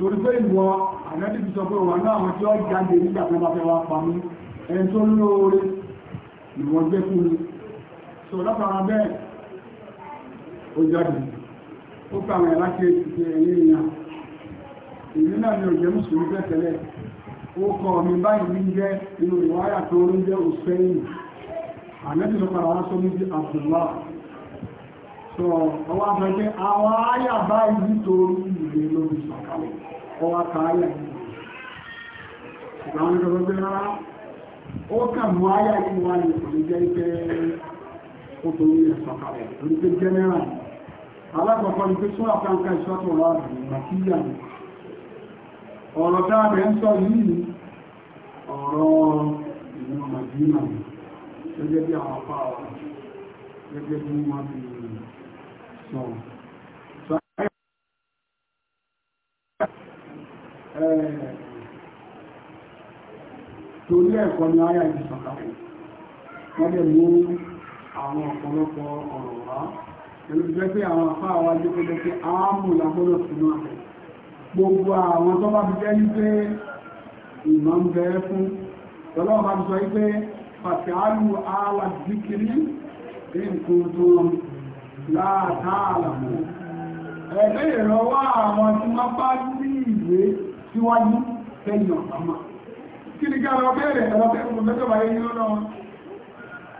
torí pé ìwọ ànábì ti sọ pé wà náà àwọn tí ó jáde nígbà tí wọ́n bá fẹ́ wá pa mí ẹni tó lóore ìwọ jẹ́ fún mi sọ lọ́kàrà bẹ́ẹ̀ ó jáde ó pa àwọn ẹ̀lá kí ti ẹ̀yẹ ìyá èmi náà ni ò jẹ́ mùsùlùmí fẹ́ tẹ́lẹ̀ ó kọ mi báyìí ní jẹ́ inú ìwáyà tó ń jẹ́ òṣèlú ànábì lọ́kàrà wá sọ mí di Abdullah sọ ọwọ́ àfẹ́kẹ́ àwọn àyà báyìí nítorí ìgbè lórí sọ̀kalẹ̀ ọwá kààyà yìí ìgbàwọn ìjọba gbé rárá ó kà mú ayà yìí wá ní kò ní jẹ́ ipẹ́ ó tó ní ẹ̀sọ̀kalẹ̀ torí pé jẹ́nẹ́rà alákọ̀ọ́kọ́ ni pé sún àfáǹkà ìṣọ́tò ọ̀rọ̀ àbìyà ọ̀rọ̀ dáadẹ́ ń sọ yìí ọ̀rọ̀ ìlú màdínà gẹ́gẹ́ bí àwọn apá ọ̀rọ̀ gẹ́gẹ́ bí wọ́n ti sọ̀rọ̀ Eh, torí ẹ̀kọ́ ni ayà ìdí sọ̀kàwò wọ́n lè mú àwọn ọ̀pọ̀lọpọ̀ ọ̀rọ̀ wá pẹ̀lú jẹ́ pé àwọn afá wa jẹ́ pé jẹ́ pé áàmù lágbọ́dọ̀ sí náà rẹ̀ gbogbo àwọn tó bá fi jẹ́ wípé ìmọ̀ ń bẹ fún tọ́lọ́ bá fi sọ wípé pàtàlù àwà zikiri síwájú lẹ́yìn ọ̀pàmà kí ni kára ọbẹ̀rẹ̀ ẹlọ́bẹ̀rẹ̀ ọmọdé wáyé ní lọ́dọ̀ wọn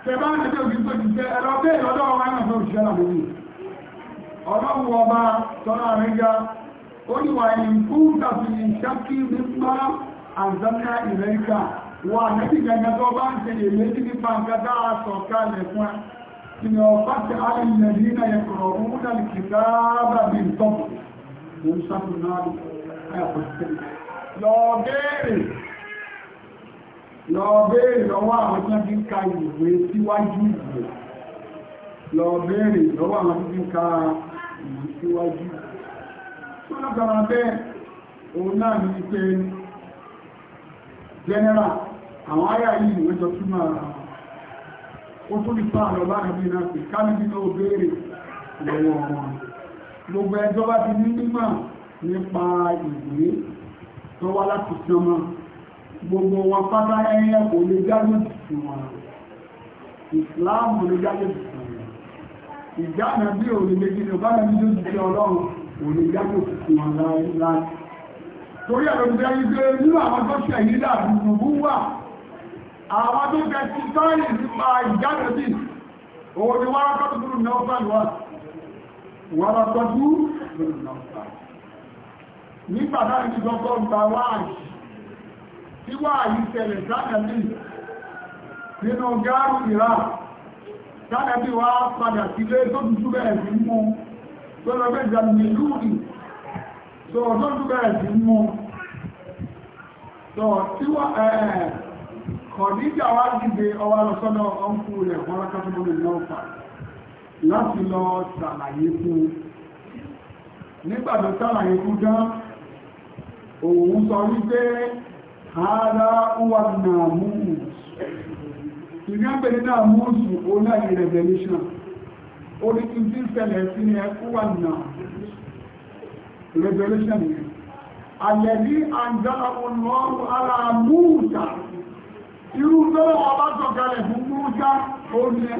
tẹ̀bá ń tẹ̀tẹ̀ òfin tó ti tẹ́ ẹlọ́bẹ̀rẹ̀ lọ́dọ̀ wọn wáyé náà fẹ́ ọlọ́run ọba tọ́lá rẹ̀ ga ó ní wà ní kúńtà sí ìṣákí nípa àǹsánná ìrẹ́ríkà wà nẹ́bí gẹ̀gẹ́ tó bá ń ṣe èlédí nípa gẹ́gẹ́ àṣọ̀kalẹ̀ fún ẹ ìnà ọ̀pá ti alìlẹ̀ nínú ẹ̀kọ̀rọ̀ òun náà kìtàbà bí tọ́pù òun sáfù náà lọ béèrè lọ béèrè lọ́wọ́ àwọn tí wọ́n ti ń ka ìwé síwájú ìwé lọ béèrè lọ́wọ́ àwọn tí wọ́n ti ń ka ìwé síwájú ìwé tó lọ́gbàrà bẹ́ẹ̀ òun náà ní pé general àwọn ará yìí ìwé jọ túmọ̀ ara ó tún lè fà lọ bá àbí náà pé ká níbi náà béèrè lọ́wọ́ wọn gbogbo nípa ìwé tó wá láti sánmà gbogbo wọn pátá ẹyẹ kò lè jágòjì sí wọn ìsìláàmù lè jágòjì sí wọn ìjáàmù bí òní méjì ní ọba nàbí ló jíṣẹ́ ọlọ́run kò lè jágòjì sí wọn láéláé torí ẹ̀rọ ìgbẹ́ ìgbẹ́ nínú àwọn tó ṣe yìí dàbí gbogbo wà àwọn tó bẹ ti sáyẹn nípa ìjágòjì òun ni wọ́n rákọ́ tó dúró náà pẹ̀lú wa wọ́n rákọ́ tó dúró náà nígbà náà ní gbogbo ìgbà wáàyí tí wáàyí tẹ̀lẹ̀ sánàbí nínú gáàrù ìrà sánàbí wá padà sílé tó dúdú bẹ̀rẹ̀ sí mú tó lọ bẹ́ jàmìlúrì tó dúdú bẹ̀rẹ̀ sí mú tó tí wá ẹ̀ẹ̀ kọ̀díjà wá dìde ọwá lọ sọ́dọ̀ ọkù rẹ̀ wọ́n lákàtúmọ̀ lọ́fà láti lọ sàlàyé fún nígbà tó sàlàyé fún dáa òun sọ wípé ara wà náà mú ìgbẹ́ pẹ̀lú náà mú sí ọ̀nà revelation orí tí tí ṣẹlẹ̀ sí ni ẹkú wà náà revelation ni àyẹ̀lí àjá olùrọ̀rù ara múùta irú tó ọba sọ̀kalẹ̀ fún múùta ó ní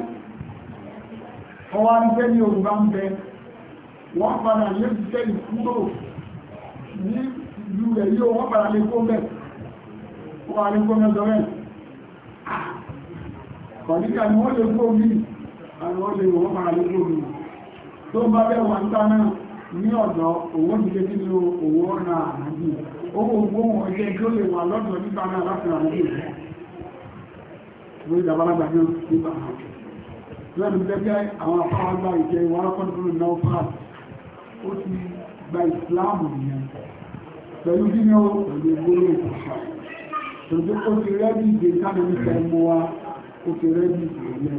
ọwá ń tẹ́ ní òun wọ́n padà yóò ti ìkúrò ní ìlú rẹ̀ yóò wọ́n padà lè kó mẹ́ wọ́n wà ní kó mẹ́ sọ́rẹ́ kọ̀díkà ni wọ́n lè kó mí àwọn olè wọ́n padà lè kó mí tó bá bẹ́ wà ń tánà ní ọ̀dọ̀ owó ìdílé nínú owó ọ̀nà àmàdì owó gbóhùn ọjẹ́ tó lè wà lọ́dọ̀ nígbà náà láti rà nílé lórí ìdàbálàgbà náà nígbà náà lẹ́nu gẹ́gẹ́ àwọn afáwágbà ìjẹ ìwárọ́kọ́ dúró náà fà ó ti gba ìsìláàmù nìyẹn pẹ̀lú nínú pẹ̀lú gbóló ìpàṣà tòjú ó ti rẹ́bí ìgbé káàkiri ìfẹ̀mọ́ wa ó ti rẹ́bí ìgbé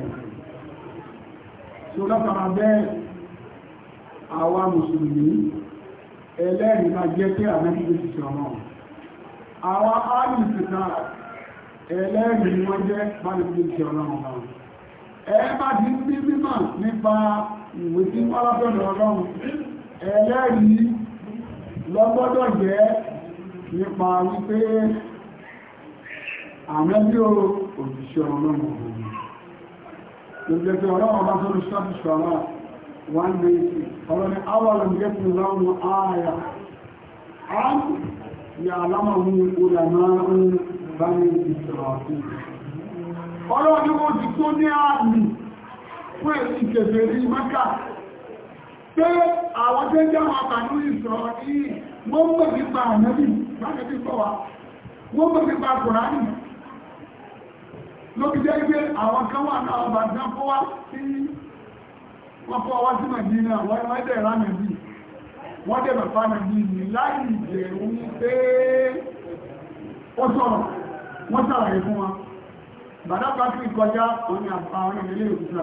tó lọ́pàá bẹ́ẹ̀ àwa mùsùlùmí ẹlẹ́rìí máa jẹ́ pé àmẹ́kíkẹ́ ti sọ̀rọ̀ àwa áàrùn ìfẹ̀ta ẹlẹ́rìí ni wọ́n jẹ́ pálíkẹ́ ti sọ̀rọ̀ ọ̀hún ẹ bá ti ń bí mímọ̀ nípa ìwé tí wọ́n lábẹ́ ọ̀dọ̀ ọlọ́run ẹlẹ́rìí lọ́gbọ́dọ̀ jẹ́ nípa wípé àmẹ́bí òṣìṣẹ́ ọlọ́run lójẹ́ pé ọlọ́run bá tó lè ṣàtìṣọ́ ara wọ́n lè ṣe ọlọ́ni awọ́lọ̀ jẹ́ fún láwọn ààyà ààbò ya alámàwọn olàmà ń bá ní ìṣẹ̀rọ̀ àfihàn ọlọ́run ni ó ti tó ní ààbì fún èsì kẹfẹ́ rí mẹ́kà pé àwọn tó jẹ́ wọn pàdú ìsọ̀rọ̀ ní wọ́n mọ̀ nípa ànábì láti pọ̀ wá wọ́n mọ̀ nípa kùránì lókè jẹ́ pé àwọn kan wà náà ọba tí wọ́n kọ́ wá sí wọ́n kọ́ wá sí Nàìjíríà wọ́n wọ́n dẹ̀ rá Nàìjíríà wọ́n dẹ̀ bàbá Nàìjíríà jẹ́ wí ni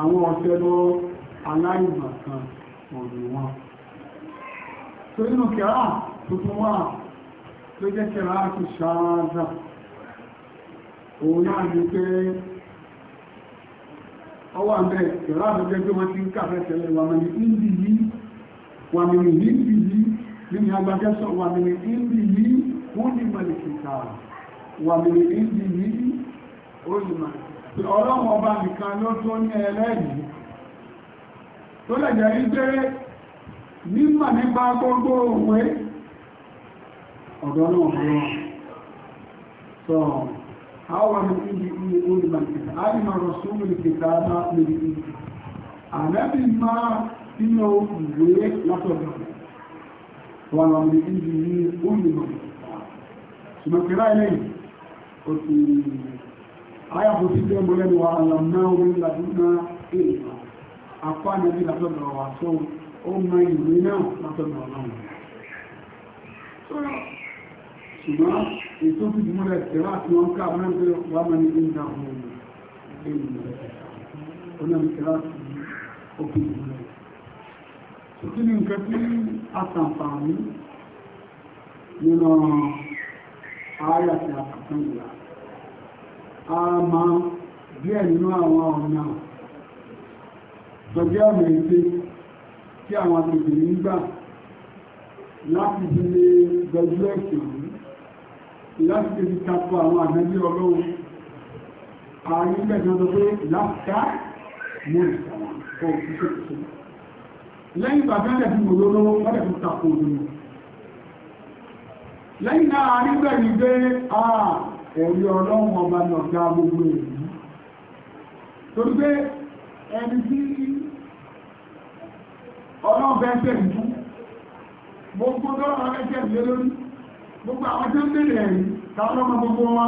àwọn ọ̀sẹ̀lọ aláìmọ̀kan òdò wọn tó nínú kẹrà tuntun wà tó jẹ́ kẹrà ti ṣáájá òun náà ní pé ọwọ́ àbẹ́ kẹrà tó jẹ́ pé wọ́n ti ń kàfẹ́ tẹ́lẹ̀ wà mẹ́rin ìdí yìí wà mẹ́rin ìdí yìí nínú agbájẹ́sọ̀ wà mẹ́rin ìdí yìí wọ́n ní mẹ́rin kìkà wà mẹ́rin ìdí yìí ó ní ọlọ́run ọba nìkan ló tó ní ẹlẹ́yìn tó lẹ̀jẹ̀ rí mímọ̀ nípa gbogbo òwe ọ̀dọ́ náà fún wọn sọ àwọn ìdí ìdí olùmọ̀kìtà àìmọ̀ rọ̀sùn olùkìtà náà lórí ìdí àlẹ́bí máa nínú ìwé látọ̀dọ̀ wọn ní àyà kò sí jẹ́ mọ́lẹ́nu wa àlàmà orí làdúgbà èèyàn àpá nàbí látọ̀dọ̀ wa tó ó mọ ìwé náà látọ̀dọ̀ ọlọ́run ṣùgbọ́n ètò fi jùmọ́lẹ̀ tẹ̀lá àti wọn ká àwọn ẹgbẹ́ wa mọ́ ní ìgbà ọmọ ọlọ́run tẹ̀lá àti òkè jùmọ́lẹ̀ òkè ní nǹkan tí a sàǹfààní nínú ààyà tí a kàkàn a ma díẹ̀ nínú àwọn ọ̀nà tọ́jú ọ̀nà ìpé tí àwọn agbègbè ń gbà láti fi lè gbẹ̀jú ẹ̀sìn láti fi fi tako àwọn àmẹ́bí ọlọ́run ààrí ìgbẹ̀jọ́ tó pé láfíà mú ìsàwọn kọ́ òṣìṣẹ́ òṣìṣẹ́ lẹ́yìn ìgbàgbẹ́lẹ̀ tí mo lólówó mọ́lẹ̀ tó tako orí ọlọ́run ọba náà ga gbogbo èyí tó gbé ẹni tí ọlọ́ọ̀bẹ́ tẹ̀ ń tú gbogbo lọ́rọ̀ ẹgbẹ́ ìlé lórí gbogbo àwọn tí ó tẹ̀lé ẹ̀rí táwọn ọmọ gbogbo wa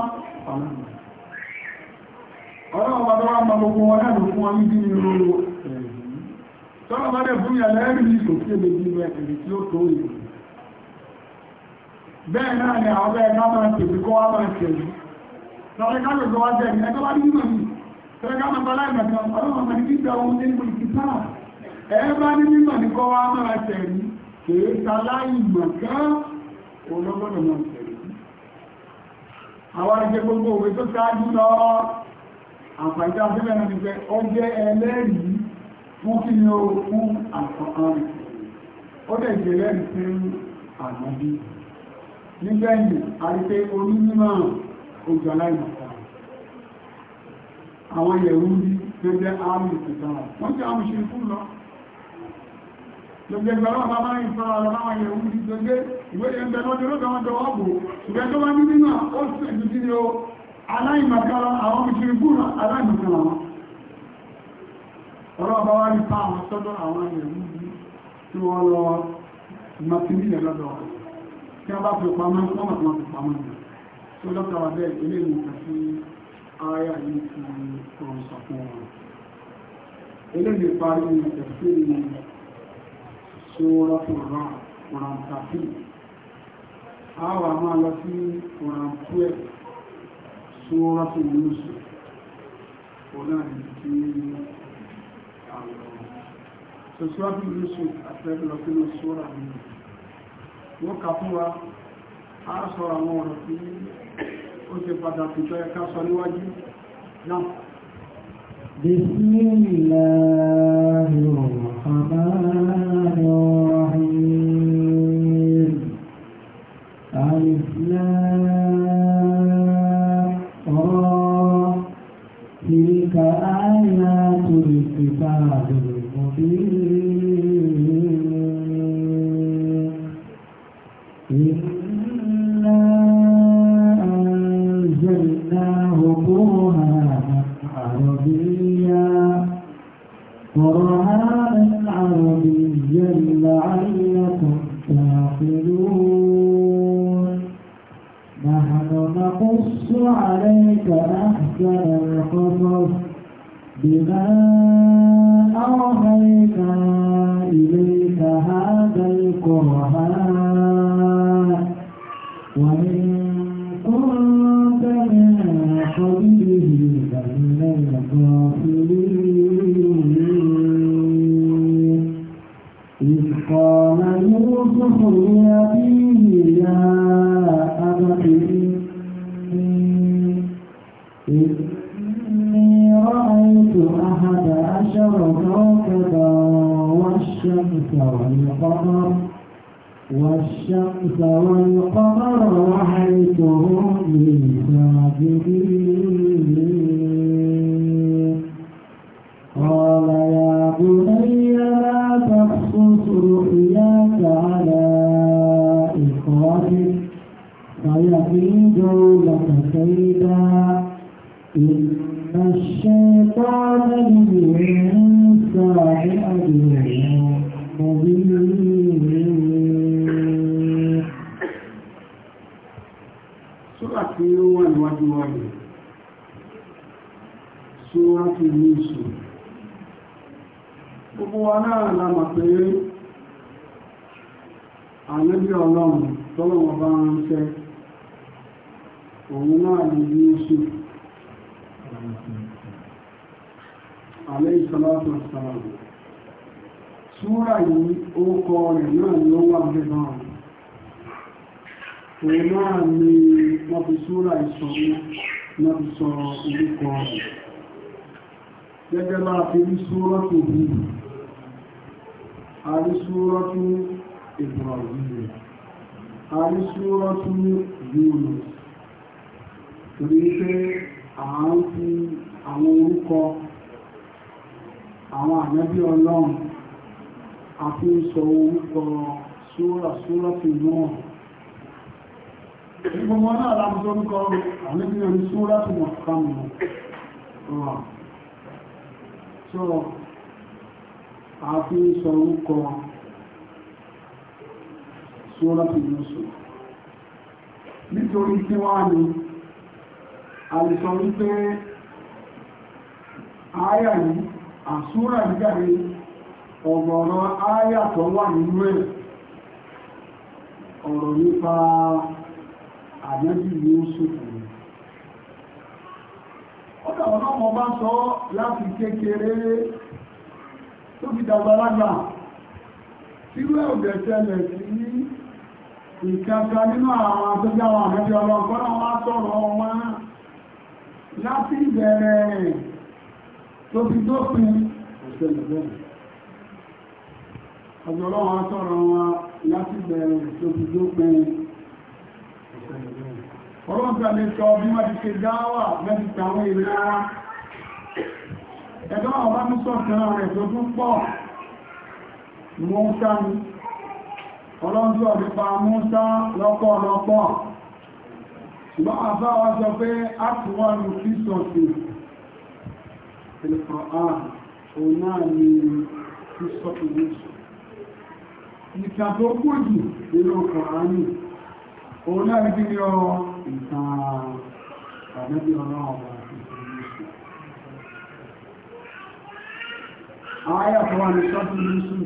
ọlọ́run ọba gbogbo wọn láti fún wọn ní lọ́rẹ́ ká lọ́dọ̀ wá jẹ́ ẹ̀kọ́ bá nínú mi tẹ́lẹ̀ ká máa bọ́lá ìmọ̀ta ọlọ́run ọmọ níbi ìgbà ohun nínú ìkìtà ẹ̀ bá ní mímọ̀ ní kọ́ wá máa tẹ̀lé kìí ta láì mọ̀ká olóògbọ́dọ̀ mọ̀ tẹ̀lé àwọn ẹgbẹ́ gbogbo òwe tó ṣáájú lọ àpàjá sílẹ̀ ní pé ó jẹ́ ẹlẹ́rìí fún kí ni ó fún àkọ́kọ́ rẹ̀ ó dẹ̀ jẹ́ lẹ́rìí fún àmọ́bí nígbẹ̀yìn àti pé onímọ̀ ojú aláìmọ̀ta àwọn yẹ̀rú rí tó jẹ́ àmì ìpẹta wọ́n jẹ́ àmì ṣe fún lọ lọ́gbẹ̀gbẹ̀ ọlọ́pàá máa ń fara lọ́wọ́ yẹ̀rú rí tó jẹ́ ìwé ẹgbẹ̀ lọ́dún lọ́gbẹ̀ wọn dọwọ́ bò ṣùgbẹ́ tó bá ní nínú ó sì ẹ̀dù sí ni ó aláìmọ̀kára àwọn mùsùlùmí aláìmọ̀kára wọn ọlọ́pàá wá rí pa àwọn sọ́dọ̀ àwọn yẹ̀rú rí tí wọ́n lọ mọ̀tí nílẹ̀ lọ́dọ̀ wọn tí wọ́n bá fi pamọ́ tó lọ́kàwà bẹ́ẹ̀ ilé ìrìnkà sí ara yìí ti ọ̀rọ̀ sàfún wọn ilé lè parí ẹ̀sẹ̀ ṣòro ọ̀rọ̀ ọ̀rọ̀ tàbí àwà máa lọ sí ọ̀rọ̀ pẹ́ ṣòro ọ̀rọ̀ ọ̀rọ̀ lóṣù àti ẹgbẹ̀rún sóra nínú wọ́n a sọ àwọn ọ̀rọ̀ tí ó ti pàtàkì tó ẹka sọ níwájú náà بسم الله الرحمن الرحيم الإسلام تلك آيات الكتاب المبين náà sọ orúkọ gẹ́gẹ́ máa fi rí súrọ́tù hud a rí súrọ́tù Ibrahim a rí súrọ́tù Yunus torí pé àwọn fi àwọn orúkọ àwọn ànábí ọlọ́run àti sọ orúkọ súrọ́tù náà Ìgbogbo náà lámùsọ́ ń kọ́ àlébí orí súnrá tí wọ́n kàmù. So, a fi sọ orúkọ súnrá tí wọ́n sọ. Nítorí tí wá ní, a lè sọ wípé àáyà yìí, àsúnrà nígbàrí ọ̀gọ̀ọ̀rọ̀ àáyà tó wà nínú ẹ̀ ọ̀rọ̀ nípa ànábì Yúsúfù ọ̀dọ̀ ọ̀nà bá sọ láti kékeré tó fi dàgbàlagbà irú ẹ̀ọ̀dẹ̀ tẹ́lẹ̀ sí ìkẹta nínú àwọn àtọ́jà àwọn ọlọ́gbọ́nà sọ̀rọ̀ wọn láti ìbẹ̀rẹ̀ tó fi ọ̀sẹ̀lẹ̀ bẹ́ẹ̀ ọjọ́ ọlọ́pàá lè sọ bí wọ́n ti ṣe dáwà lẹ́bìtà àwọn ìrìn ara ẹ̀dọ́ àwọn bá ń sọ̀tàn rẹ̀ tó tún pọ̀ mọ́sá ni ọlọ́pàá nípa mọ́sá lọ́pọ̀ lọ́pọ̀ ṣùgbọ́n àbá wa sọ pé a ti wà ní kíṣọ̀tì ìlẹ̀kọ̀ọ́ òun náà ni kíṣọ̀tì ìtàbókùjù nínú ọkọ̀ àánì òun náà rí bí ọ̀rọ̀ ìtàn àmẹ́bí ọ̀rọ̀ ọ̀rọ̀ àyà tó wà ní sọ́tù lóṣù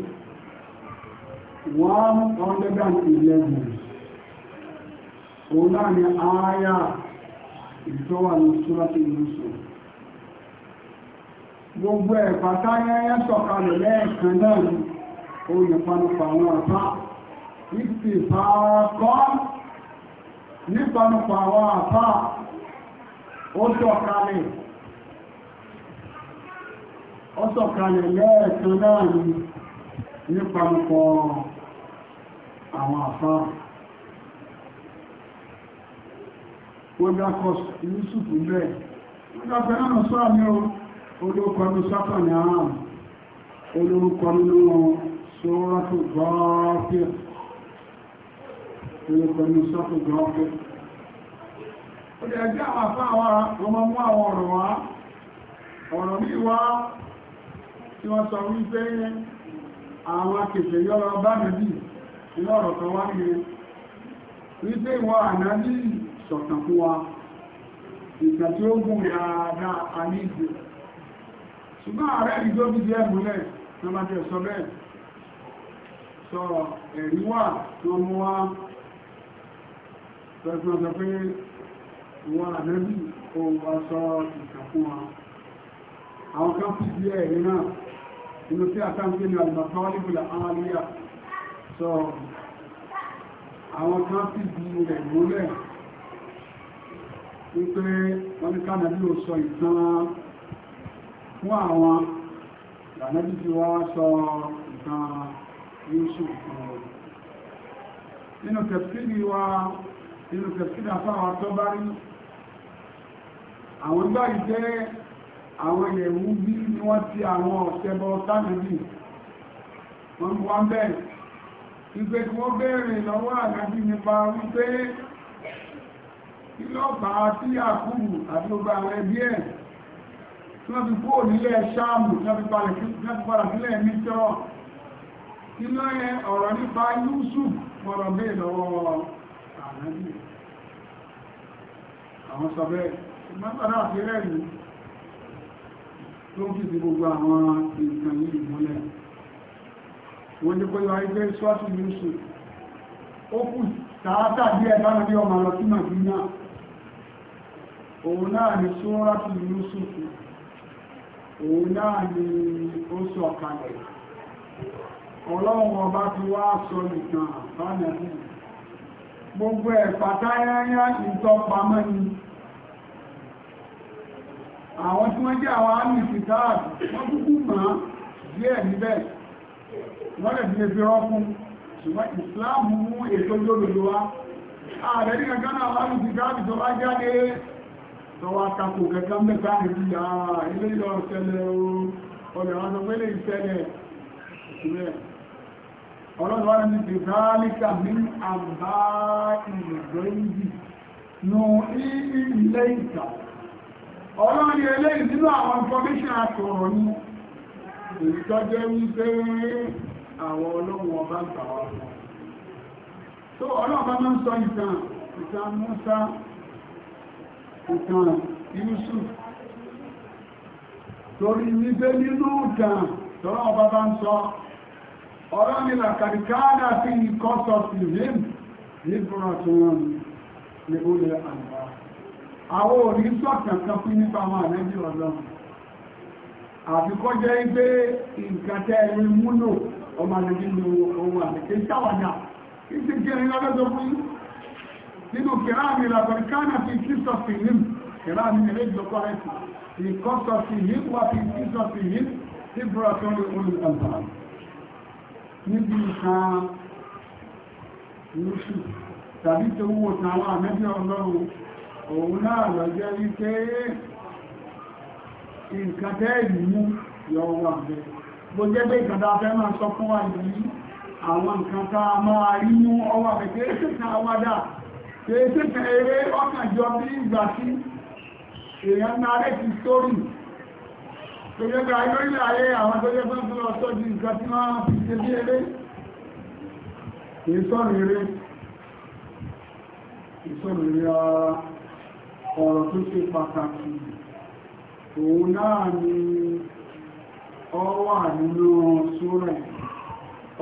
111 òun náà ni àyà ìtọ́wà ní sọ́tù lóṣù gbogbo ẹ̀fà táyẹ́yẹ́ sọ̀kalẹ̀ lẹ́ẹ̀kan náà ni ó yẹ̀pánupa àwọn àpá ìpìfà kọ́ nípanupọ̀ àwọn àfá ó sọ̀kalẹ̀ ó sọ̀kalẹ̀ lẹ́ẹ̀kan náà ni nípanupọ̀ àwọn àfá wọ́n Yúsùfù bẹ́ẹ̀ wọ́n náà sọ́rọ̀ ní olóòkọ́ ní sápà ní àárùn olórúkọ nínú sóràtù gọ́ọ̀fẹ́ orúkọ ní sọ́kù gbọ́nkú ó lè ẹgbẹ́ àwọn àfá àwọn ọmọ mú àwọn ọ̀rọ̀ wá ọ̀rọ̀ ní wá tí wọ́n sọ wípé àwọn akẹ̀kẹ̀ yọ́rọ bá nìbí lọ́rọ̀ kan wá ní wípé ìwọ ànábí sọ̀tàn fún wa ìgbà tí ó gùn dáadáa àníjì ṣùgbọ́n ààrẹ ìjọ bí jẹ́ múlẹ̀ lọ́mọdé sọ bẹ́ẹ̀ sọ ẹ̀rí wà tó mú wá tọ́jú ọjọ́ pé wọ́n àdẹ́bì ohun bá sọ ìkàkún wọn àwọn kan fi bí ẹ̀rí náà inú tí àtàǹkì ní alìmọ̀tọ́lìbìlà àríyà sọ àwọn kan fi bí rẹ̀ múlẹ̀ wípé wọ́n ní kánàbí ò sọ ìtàn fún àwọn ìrànẹ́bí ti wá sọ ìtàn yíṣù fún ọ̀rọ̀ inú kẹsìdà fáwọn tó bá rí àwọn gbá ìjẹ́ àwọn ẹ̀wú bí ní wọ́n ti àwọn ọ̀sẹ̀bọ̀ sáàbì wọ́n bú wọ́n bẹ̀rẹ̀ ìgbé tí wọ́n bẹ̀rẹ̀ lọ́wọ́ àgbàbí nípa wípé ìlọ́pàá tí àkúrù àti gbogbo àwọn ẹbí ẹ̀ tí wọ́n fi kúrò nílẹ̀ sáàmù tí wọ́n fi padà sílẹ̀ mítọ́ sàárì àwọn sọ̀bẹ́ mọ́tàlá àti rẹ̀rì tó ń fi sí gbogbo àwọn nǹkan yìí múlẹ̀ wọ́n ní kó yọ ẹgbẹ́ sọ́ọ̀tù yóò ó kù tààtà bí ẹ̀ lára bí ọmọ àlọ́tí màdínà òun náà ni sọ́ọ̀tù Yúsúfù òun náà ni ó sọ kalẹ̀ ọlọ́run ọba ti wá sọ nìkan gbogbo ẹ̀ pàtàyáyá ìtọpamọ́ ni àwọn tí wọ́n jẹ́ àwọn àmìsì káàkì wọ́n kúkú máa díẹ̀ níbẹ̀ wọ́n lè fi fi rọ́kún ṣùgbọ́n ìsìláàmù mú ètò lódòdó wá ààrẹ ní kankan náà wọ́n ti káàkì tó bá jáde tó wá takò ọlọ́run wá ní bìbáríkà ní àbá ìrìnàjò ìdí nù ilé ìta ọlọ́run eléyìí nínú àwọn information akọ̀rọ̀ ní ìtọ́jẹ́ wípé àwọn ọlọ́run ọba ń tàwà fún so ọlọ́run bá máa ń sọ ìtàn ìtàn Mùsá ìtàn Yúsúf torí wípé nínú ìtàn tọ́lọ́run bá bá ń sọ ọ̀rọ̀ nílà kàríkàádà sí ikọ́ sọ fìlìm nígbùnà tó wọ́n ní olè àgbà àwọn òní sọ̀tàn kan fún nípa àwọn àlẹ́bí ọlọ́run àfikọ́ jẹ́ pé nǹkan tẹ́ ẹni múlò ọmọ àlẹ́bí ní ohun àlẹ́kẹ́ sáwàdà ìsì kẹrin lọ́dọ́dọ́ fún nínú kẹrà mi làkọ̀ríkàádà sí kíkọ́ fìlìm kẹrà mi lè lọ́kọ́ rẹ̀ sí ikọ́ sọ fìlìm wà fi kíkọ́ fìlìm nígbùnà tó wọ́n ní olè àgbà níbi ìkan lóṣù tàbí tó wò tàwọn àmẹ́bí ọlọ́run òun náà lọ jẹ́ wípé nǹkan tẹ́ẹ̀lì mú yọ wà bẹ́ bó jẹ́ pé ìkàdá fẹ́ máa sọ fún wa yìí àwọn nǹkan tá a máa rí mú ọwà bẹ̀ kéèsì wádà kéèsì kan eré ọkànjọ bí ìgbà sí èèyàn náà rẹ̀ ti sórí tó yẹ pé ayé orílẹ̀ ayé àwọn tó yẹ fún lọ sọ́jú nǹkan tí wọ́n fi ṣe bí eré ìsọ̀rọ̀ eré ìsọ̀rọ̀ eré ara ọ̀rọ̀ tó ṣe pàtàkì òun náà ni ọ wà nínú sórẹ̀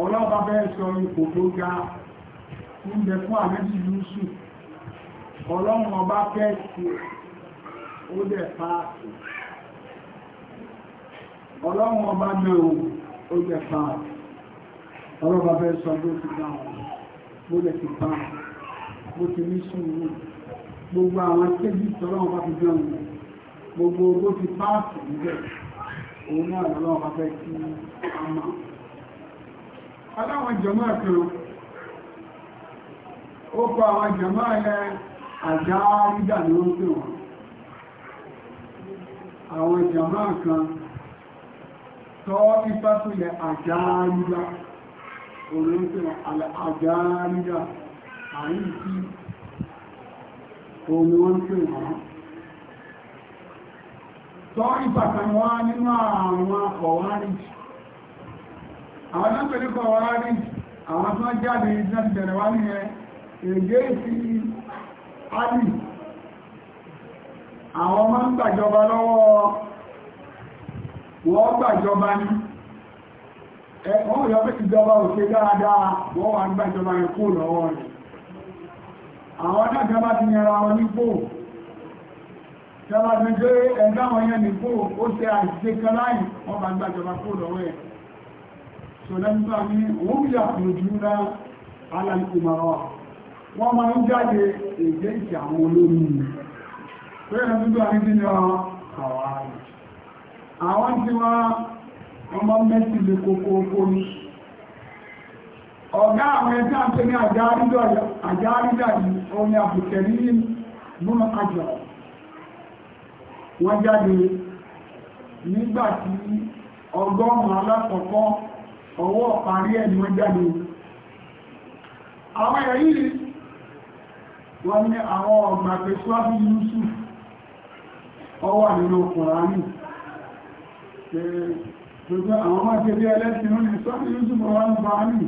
ọlọ́ba bẹ́ẹ̀ sọ ipò tó ga ń bẹ fún àmẹ́jì yusuf ọlọ́run ọba kẹ́ẹ̀kì ó dẹ̀ pààkì ọlọ́run ọba mẹ́rin ó jẹ́ fáà ọlọ́ba bẹ́ẹ̀ sọ bó ti dá wọn bó lẹ̀ ti bá wọn bó ti ní sùúrù gbogbo àwọn tẹ́jú tọ́lọ́run bá fi jẹun gbogbo bó ti páàsì níbẹ̀ òun náà lọ́wọ́ bá fẹ́ kí a mọ̀ aláwọn jọmọ́ kan ó kọ àwọn jọmọ́ yẹ àjá rídà ní ó ń pè wọ́n àwọn jọmọ́ kan tọ́ ìfàtúlẹ̀ àjáríga olóòtúrẹ̀ àjáríga àríkí òun wọ́n tí wọ́n tọ́ ìfàtàwà nínú àwọn kọ̀wárí àwọn tó pẹ̀lú kọ̀wárí àwọn tó jáde ní ẹ alì àwọn ń gbàjọba lọ́wọ́ wọ́n gbàjọba ní ẹ̀kọ́ yọ pé ìjọba òṣè dáadáa wọ́n wà gbàjọba yẹn kó lọ́wọ́ rẹ̀ àwọn adájọba ti yẹra wọn nípò ó ṣe àìṣe kan láì wọ́n bá gbàjọba kó lọ́wọ́ ẹ̀ wọ́n máa ń jáde èdè àwọn tí wọ́n ọmọ mẹ́sì lè kòkó oko ní ọ̀gá àwọn ẹgbẹ́ àti ní àjárídà yìí omi àbùkẹ́ ní múnà àjọ wọ́n jáde nígbàtí ọgọ́rùn-ún alákọ̀ọ́kọ́ ọwọ́ parí ẹ̀ ni wọ́n jáde àwọn wọ́n ní àwọn ṣùgbọ́n àwọn máa jẹ́ bí ẹlẹ́sìn ní sọ́nà yúsùfù wọ́n ń bá ní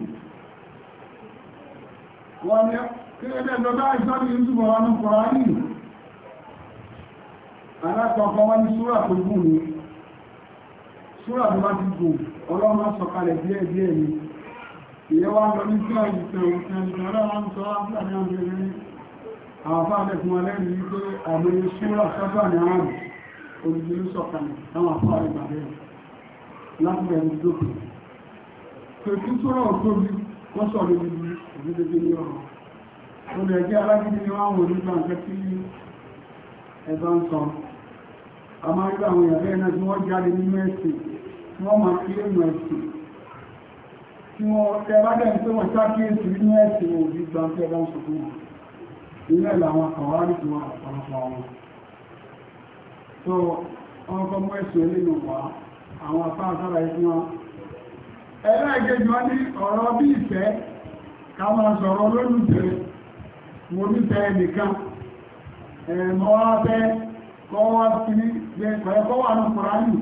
wọ́n ni kí ẹgbẹ́ ìjọba ìsọ́nà yúsùfù wọ́n ń bá ní alákọ̀ọ́kọ́ wọ́n ni súrà tó gùn ní súrà tó bá ti gùn ọlọ́mọ sọ̀kalẹ̀ díẹ̀ díẹ̀ ni ìyẹ́ wá lọ ní sí àìsàn òṣèlú ọlọ́run sọ àwọn àfáàdẹ̀kùn alẹ́rìí wípé olùdílú sọ̀kalẹ̀ táwọn afọ́ àìgbàlẹ̀ láti ẹni lókè pẹ̀lú sọ́rọ̀ tóbi wọ́n sọ̀rọ̀ níbi ìdíjẹ́jẹ́ ní ọ̀rọ̀ olè jẹ́ alágídí ni wọ́n wò nígbà nǹkan tí ẹ̀bá ń sọ a máa rí àwọn ìyàbẹ́ iná tí wọ́n jáde nínú ẹ̀sìn tí wọ́n máa fi èèmù ẹ̀sìn tí wọ́n tẹ́ bá dẹ̀ pé wọ́n ṣàkíyèsí nínú ẹ̀sìn òbí gbà ń so wọ́n kọ́ mọ́ ẹ̀sùn nínú wa àwọn afáàsára ìfún wọn ẹlẹ́gẹ̀ẹ́jì wọ́n ní ọ̀rọ̀ bí ìfẹ́ ká máa sọ̀rọ̀ olólùfẹ́ mo nífẹ́ nìkan ẹ̀mọ́ wá fẹ́ sí ní wà ní kùránì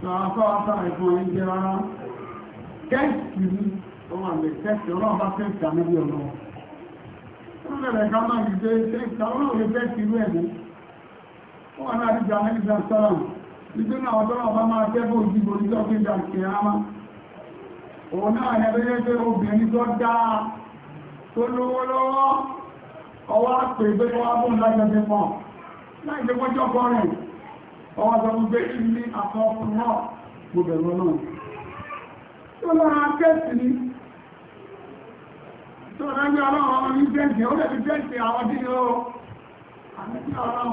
sọ jẹ́ rárá kẹ́ẹ̀kì ní kẹ́ẹ̀kì kẹ́ẹ̀kì wọ́n náà ti jà mẹ́lìsà sọ́rọ̀ nítorí àwọn tọ́rọ ọba máa tẹ́bù ìdìbò nígbà pé ìjà kì á má òun náà ní ẹgbẹ́ pé obìnrin tó dáa tó lówó lọ́wọ́ ọwọ́ pè pé wọ́n bùn lájọsí pọ̀ láì pé wọ́n jọ́kọ́ rẹ̀ ọwọ́ sọ fún pé kí ní àtọ́kùn náà mo bẹ̀rù náà tó lọ́ra kẹ́sì ní tó rẹ́ ní ọlọ́run ọmọ ní jẹ́ǹtì ó lè fi jẹ́ǹtì àwọn dínú ọ̀rọ̀ àti ọlọ́run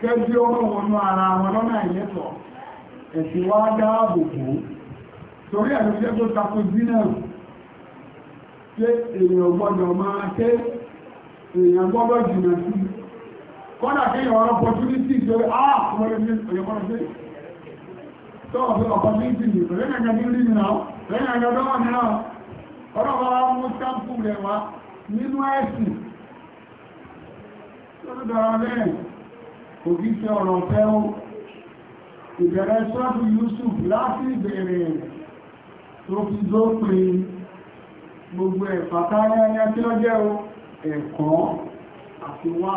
kẹ́bí ọmọ wọnú ara wọn lọ́nà ìyẹ́tọ̀ ẹ̀sìn wá dáàbòbò torí ẹ̀lú jẹ́ tó tako zinel pé èèyàn gbọ́dọ̀ máa tẹ́ èèyàn gbọ́dọ̀ jìnà sí kọ́dà kéèyàn ọ̀rọ̀ opportunity tó rí ah wọ́n lè ní ọ̀yọ́kọ́dọ̀ sí tọ́wọ́ fẹ́ opportunity ní lẹ́yìn ẹ̀gá ní rí nìyàwó lẹ́yìn ẹ̀gá lọ́wọ́ nìyàwó ọ̀rọ̀ bá wá mú sáǹpù rẹ̀ wá nínú ẹ̀sìn tó dára lẹ́yìn kò bí fẹ́ ọ̀rọ̀ fẹ́ ó ìbẹ̀rẹ̀ sọ́bù Yusuf láti ìbẹ̀rẹ̀ tó fi lópin gbogbo ẹ̀fàtà ayẹyẹ tí ó jẹ́ ẹ̀kọ́ àti wà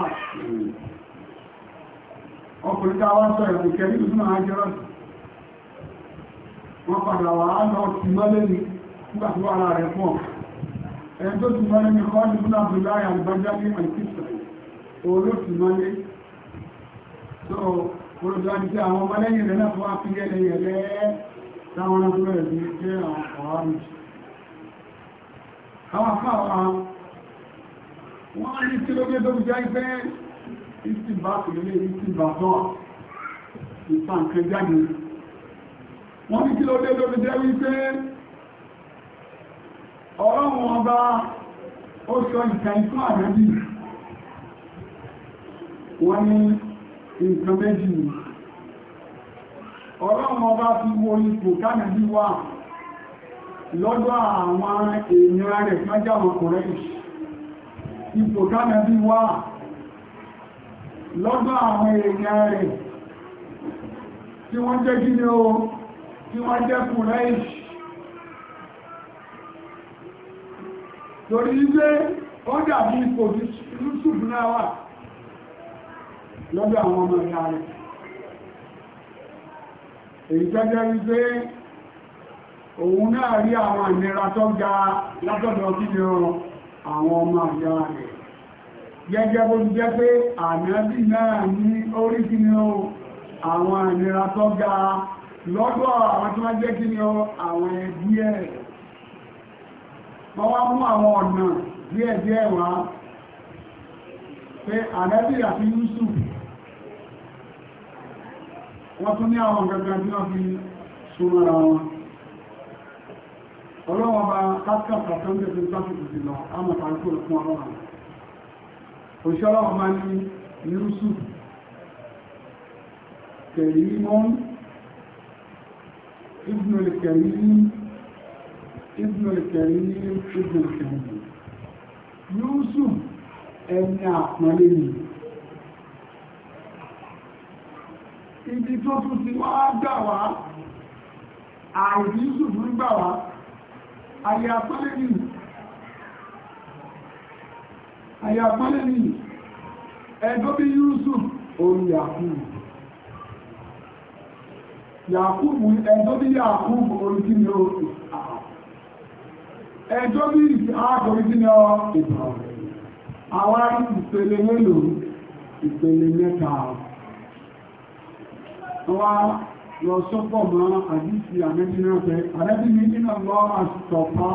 ọkùnrin káwà sọ ẹ̀kùn kẹrí ìsúná ajẹ́rọ̀ wọ́n padà wà á ti ní ara rẹ̀ pọ̀ ẹni tó ti mọ́lẹ́ ní kọ́ ní fún ní tó olùdó àti àwọn ọmọlẹ́yìn rẹ̀ náà fún àpígẹ́lẹ́yẹ̀lẹ́ táwọn ọmọ rẹ̀ ní jẹ́ àwọn ọ̀hánì àwọn afáwà wọ́n ní tí ló gbé tó jẹ́ ipẹ́ ìsìnbà pèlè ìsìnbà tọ́ ìsànkẹ́ jáde wọ́n ní tí ló gbé tó jẹ́ wípé ọlọ́run ọba ó sọ ìkàìkọ́ àrẹ́bì wọ́n ní nǹkan méjì ni ọlọ́run ọba fi wo ipò kánàbí wà lọ́dọ̀ àwọn èèyàn rẹ̀ májáwọn kòrẹ́ṣì ipò kánàbí wà lọ́dọ̀ àwọn èèyàn rẹ̀ tí wọ́n jẹ́ kí ni o tí wọ́n jẹ́ kòrẹ́ṣì torí ilé ó dàbí ipò tí lúsùfù náà lọ́dọ̀ àwọn ọmọ ìyá rẹ̀ èyí tẹ́jẹ́ wípé òun náà rí àwọn ìnira tó ga látọ̀dọ̀ kí ni àwọn ọmọ ìyá rẹ̀ gẹ́gẹ́ bó ti jẹ́ pé ànábì náà ní orí kí ni àwọn ìnira tó ga lọ́dọ̀ àwọn tí wọ́n jẹ́ kí ni àwọn ẹbí ẹ̀ wọ́n wá mú àwọn ọ̀nà díẹ̀díẹ̀ wá pé ànábì àti Yusuf wọ́n tún ní àwọn gangan tí wọ́n fi súnmọ́ra wọn ọlọ́wọ́n bá káàkà pàtàkì tó sáfìkì sí lọ àmàtà ikú fún ọlọ́run òṣìṣẹ́ ọlọ́wọ́n bá ní yúúsù kẹ̀yìmọ́n ìbùnulẹ̀kẹ̀yìn ìbùnulẹ̀kẹ̀yìn ìbùnulẹ̀kẹ̀yìn yúúsù ẹni àpọ̀lẹ́yìn ibi tó tún ti wá gbà wá àìrí ṣùgbọ́n gbà wá àyè àpọ́lẹ̀ ẹgbẹ́ bí orí Yakub Yakub ẹjọ́ bí orí kí ni ó ẹjọ́ bí àkọrí kí ni ó ìbọn àwọn ìpele mẹ́ta wọ́n lọ sọ́pọ̀ mọ́ àdísì àmẹ́bí náà pé àrẹ́bí ní nínú lọ àṣìtọ̀pá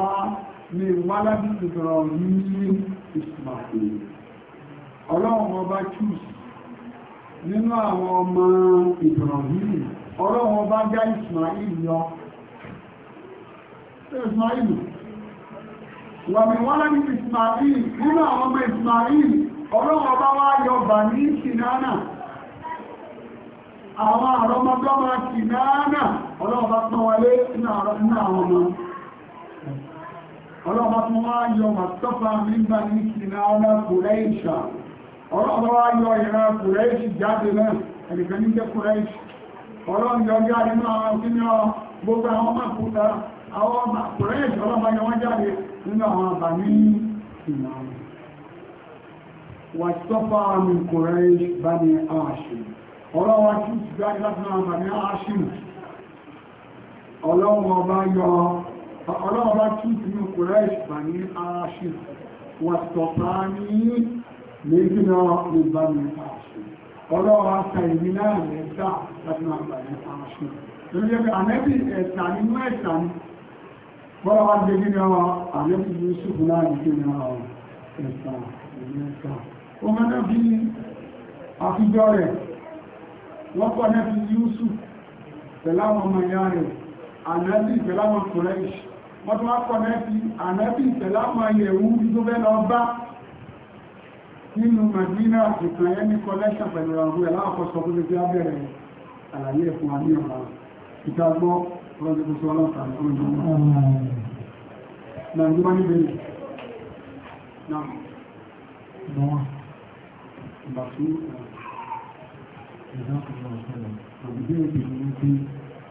ní wálábí ìgbọ̀rọ̀ ní ìsìmàkì ọlọ́run ọba chus nínú àwọn ọmọ ìgbọ̀rọ̀ yìí ọlọ́run ọba já ìsìmàìl yọ ìsìmàìl wà ní wálábí ìsìmàìl nínú àwọn ọmọ ìsìmàìl ọlọ́run ọba wá yọ bà ní sinana àwọn àrọmọdọ́mọ sì náà ọlọ́ọ̀bá tán wọlé náà àwọn ọmọ ọlọ́ọ̀bá tán wá yọ màtọ́fà nígbà ní kì náà ọlọ́ọ̀bá kùrẹ́ìṣì jáde náà ẹnìkan ní jẹ́ kùrẹ́ìṣì ọlọ́ọ̀yọ jáde gbogbo ọ̀rọ̀ wa tí ó ti jáde láti náà bà ní aṣíù ọlọ́run ọba yọ ọlọ́run ọba tí ó ti ní kòrẹ́ṣ bà ní aṣíù wà tọ̀pá ní méjì náà lè bá mi aṣíù ọlọ́run ata láti náà bà ní aṣíù wọ́n kọ́ nẹ́bí Yusuf pẹ̀láwọn ọmọ ìyá rẹ̀ ànẹ́bí pẹ̀láwọn kòrẹ́ṣ wọ́n tó wá kọ́ nẹ́bí ànẹ́bí pẹ̀láwọn ìyẹ̀wú tó fẹ́ lọ bá nínú Madina ìtàn ẹni kọ́lẹ́ṣà pẹ̀lú àwọn ẹ̀láàkọ́sọ tó fi abẹ́rẹ̀ àlàyé ẹ̀fún àmì ọ̀la ìtagbọ́ rọ́dẹ̀kọ́sọ ọlọ́pàá ìgbọ́n ìdákùnrin ọ̀sẹ̀lẹ̀ òbídé òbí ni wọ́n pé tí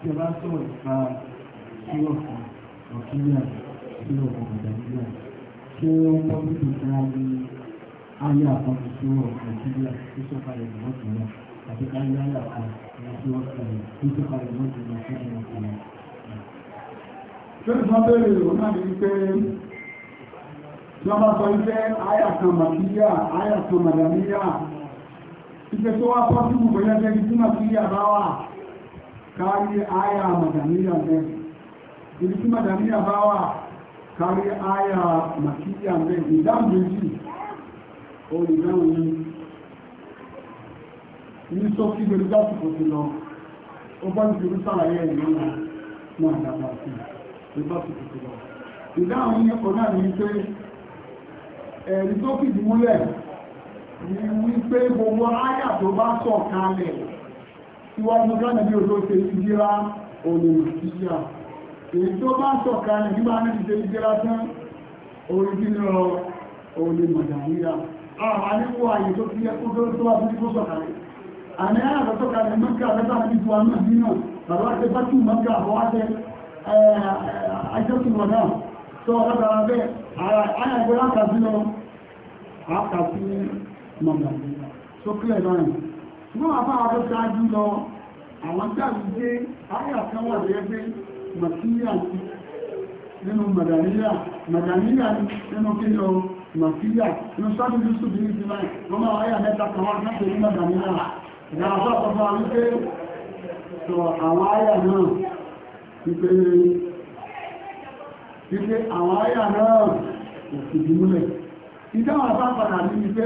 ẹ ṣé ó ń bọ́ nípa ìdára ní ayé àpapọ̀ sílọ̀ nàìjíríà tó sọ̀kalẹ̀ ìmọ̀tìmọ̀ àti ayé ayé àpapọ̀ sílọ̀kùn tó sọ̀kalẹ̀ ìmọ̀tìmọ̀ fún ìmọ̀tìmọ̀. ṣé ìsọ́bẹ̀rẹ̀ ìrò náà ní pé tí wọ́n bá sọ iṣẹ́ ayé ita tó wá fọ́ síbù bóyá gẹ́gẹ́ tí màá fi yàrá wà kárí àyà màdàmíyà bẹ́ẹ̀ ibi tí màdàmíyà bá wà kárí àyà màkíyà bẹ́ẹ̀ ìdáhùn méjì olùdáhùn yìí ní sọ́kí gbẹ̀rẹ̀ lásìkò ti lọ ó bá ti rí sàlàyé ẹ̀ lọ́nà náà dáadáa sí i lásìkò ti lọ ìdáhùn yìí kò náà ní pé ẹ̀rí tó fìdí múlẹ̀ ní wípé gbogbo áyà tó bá sọ̀ kalẹ̀ síwájú gánà bí o tó ṣe ìdíra olè ìsíyà èyí tó bá sọ̀ kalẹ̀ nígbà ní ti ṣe ìdíra tán orí nínú olè mọ̀dàníyà àwọn àníwò àyè tó ti yẹ kó tó tó wà fún kó sọ̀ kalẹ̀ àmì áyà tó sọ̀ kalẹ̀ mọ́kà lẹ́bà ní ju àmì àdínà bàbá ṣe bá tún mọ́kà àwọn àṣẹ àjọsùn wọn náà tó ọ̀rọ̀ bàbá bẹ́ẹ̀ àyà ìgbéra kà sí lọ nọ̀nà tó kílẹ̀ báyìí ṣùgbọ́n àbá àbọ̀ dájú lọ àwọn dájú pé àyà kan wà lẹ́yẹ́ pé màkíyà nínú màdàníyà màdàníyà nínú kí lọ màkíyà nínú sábì yusuf ní ìsinmi wọ́n máa àyà mẹ́ta kan wá láti ní màdàníyà ìyá àbá àbọ̀ wípé sọ àwọn àyà náà wípé wípé àwọn àyà náà kò fìdí múlẹ̀ ìdáhùn àbá ní wípé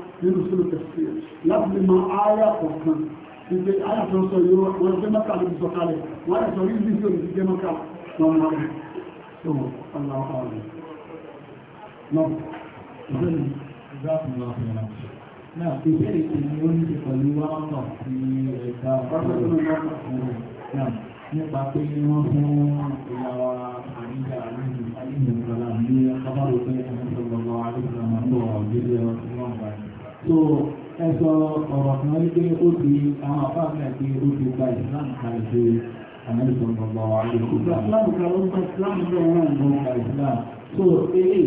nínú sílù tẹ̀sí láti lè mọ ààyà kọ̀ọ̀kan ìgbé ààyà tó ń sọ yóò wọ́n jẹ́ mẹ́ta lè sọ kalẹ̀ wọ́n yẹ sọ rí fídíò ní jẹ́ mẹ́ta wọn máa rẹ̀ tó mọ̀ aláwọ̀ rẹ̀ náà nípa pé wọ́n fún ìyàwó àríjà àríjù àríjù ìgbàlá ní ọkọ̀ bá àríjù àmọ́ ń bọ̀ so ẹsọ ọ̀rọ̀ kan rí pé ó ti àwọn àfáàfẹ́ pé ó ti gba ìsìláàmù kan ṣe àmẹ́lìkọ̀ gbọ̀gbọ̀ wà ní ìsìláàmù kan ló ń gba ìsìláàmù náà wà ní ìgbà ìsìláàmù so eré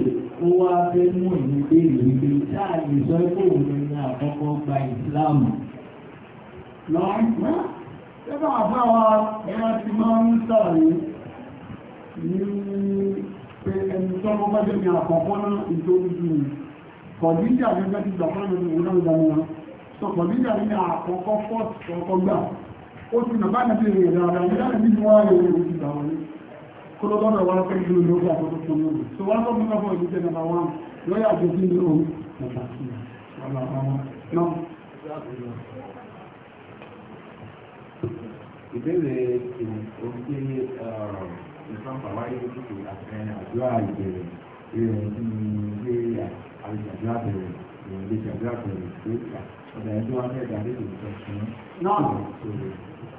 ó wá fẹ́ mú ìlú pé ìlú pé táà lè sọ pé òun ní àkọ́kọ́ gba ìsìláàmù lọ́nà ẹgbẹ́ àfáwà ẹ̀rọ ti máa ń sàárè ní pé ẹni tọ́gbọ́gbọ́dé ní àkọ́kọ́ náà ìjọ́ kọ̀díjà ní ẹgbẹ́ ti gbà fún ẹgbẹ́ ìwòrán ìdáná wọn sọ kọ̀díjà ní àkọ́kọ́ fọ́ọ̀tì ọkọ̀ gbà ó ti nà bá nàbí èrè dáadáa ní láti nínú wọn èrè èrè ti gbà wọlé kó ló gbọ́dọ̀ wọn fẹ́ ìlú lórí àkọ́kọ́ tó lórí so wọn tó mú lọ́fọ́ ìlú tẹ́lẹ̀ wọn lọ́yà àjọ sí ní òun nàbà sí ọ̀là àwọn àwọn ìjàgbé àbẹ̀rẹ̀ èèyàn lè jàgbé àbẹ̀rẹ̀ tó ìgbà ọ̀dà ẹjọ́ wá fẹ́ dàbí ìgbà fún náà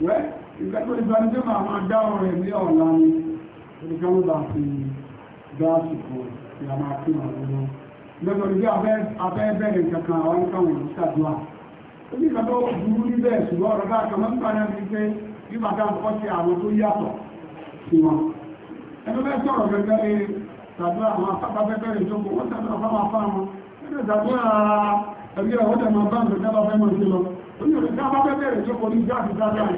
wẹ́ ìgbà tó ìgbà ní máa máa dá ọ̀rọ̀ ẹ̀mí ọ̀la ni olùkọ́ ló bá fi dá àsìkò tí a máa kí wọn lọ́wọ́ lọ́dọ̀ ìgbà abẹ́ bẹ̀rẹ̀ kankan àwọn ìkàwọn ìṣàdúrà ó ní kan tó burú níbẹ̀ ṣùgbọ́n ọ̀rọ̀ bá kan mọ́tò náà fi pé bí màdá ń kọ́ sí àwọn tó yàtọ̀ sí wọn ẹni bẹ́ẹ̀ sọ̀rọ̀ gẹ́gẹ́ tàbí àwọn afẹ́fẹ́ ìjókòó wọ́n tàbí àwọn afáàmọ́ ẹgbẹ́ tàbí ẹgbẹ́ ọ̀dẹ̀ máa bá ń bẹ̀rẹ̀ tàbí ọmọ sí lọ oníwèrè tí a bá bẹ̀rẹ̀ ìjókòó ní jáde dáadáa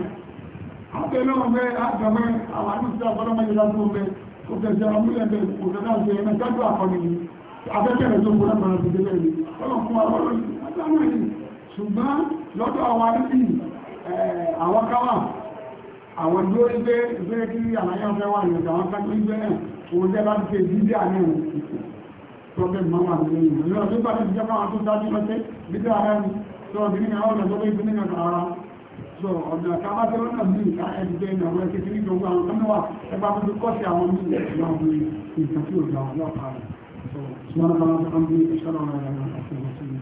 àwọn ẹgbẹ́ náà mẹ́ àjọmẹ́ àwọn àdúgbò ọlọ́mọdé lásán mẹ́ kò tẹ̀sẹ̀ ọmúlẹ̀bẹ̀ kò tẹ̀sẹ̀ ọmọ ẹgbẹ́ jáde àkọni afẹ́fẹ́ ìjókòó náà máa ti délẹ̀ ní ọlọ́kùnrin ọlọ́run ṣùgbọ́n lọ́dọ̀ àwọn arílì àwọn káwà àwọn ìgbé ìgbé kí àlàyé ọ̀fẹ́ wà ní ọ̀dọ̀ àwọn kájú ìgbé náà òun jẹ́ láti ṣe ìdílé àní òun ìpò problem máa wà ní ẹ̀yìn ìlú ọdún bá ti jẹ́ máa tó dájú lọ́tẹ́ bíbí ara ẹni tó ọdún ní àwọn ọ̀dọ́ ìpín nínú ara so ọ̀dọ̀ àkábájẹ́ lọ́nà bí ìta ẹgbẹ́ ìnáwó ẹgbẹ́ tí nígbà àwọn ọmọ wa ẹgbà tó kọ́ sí àwọn ọmọ ìlú ìlú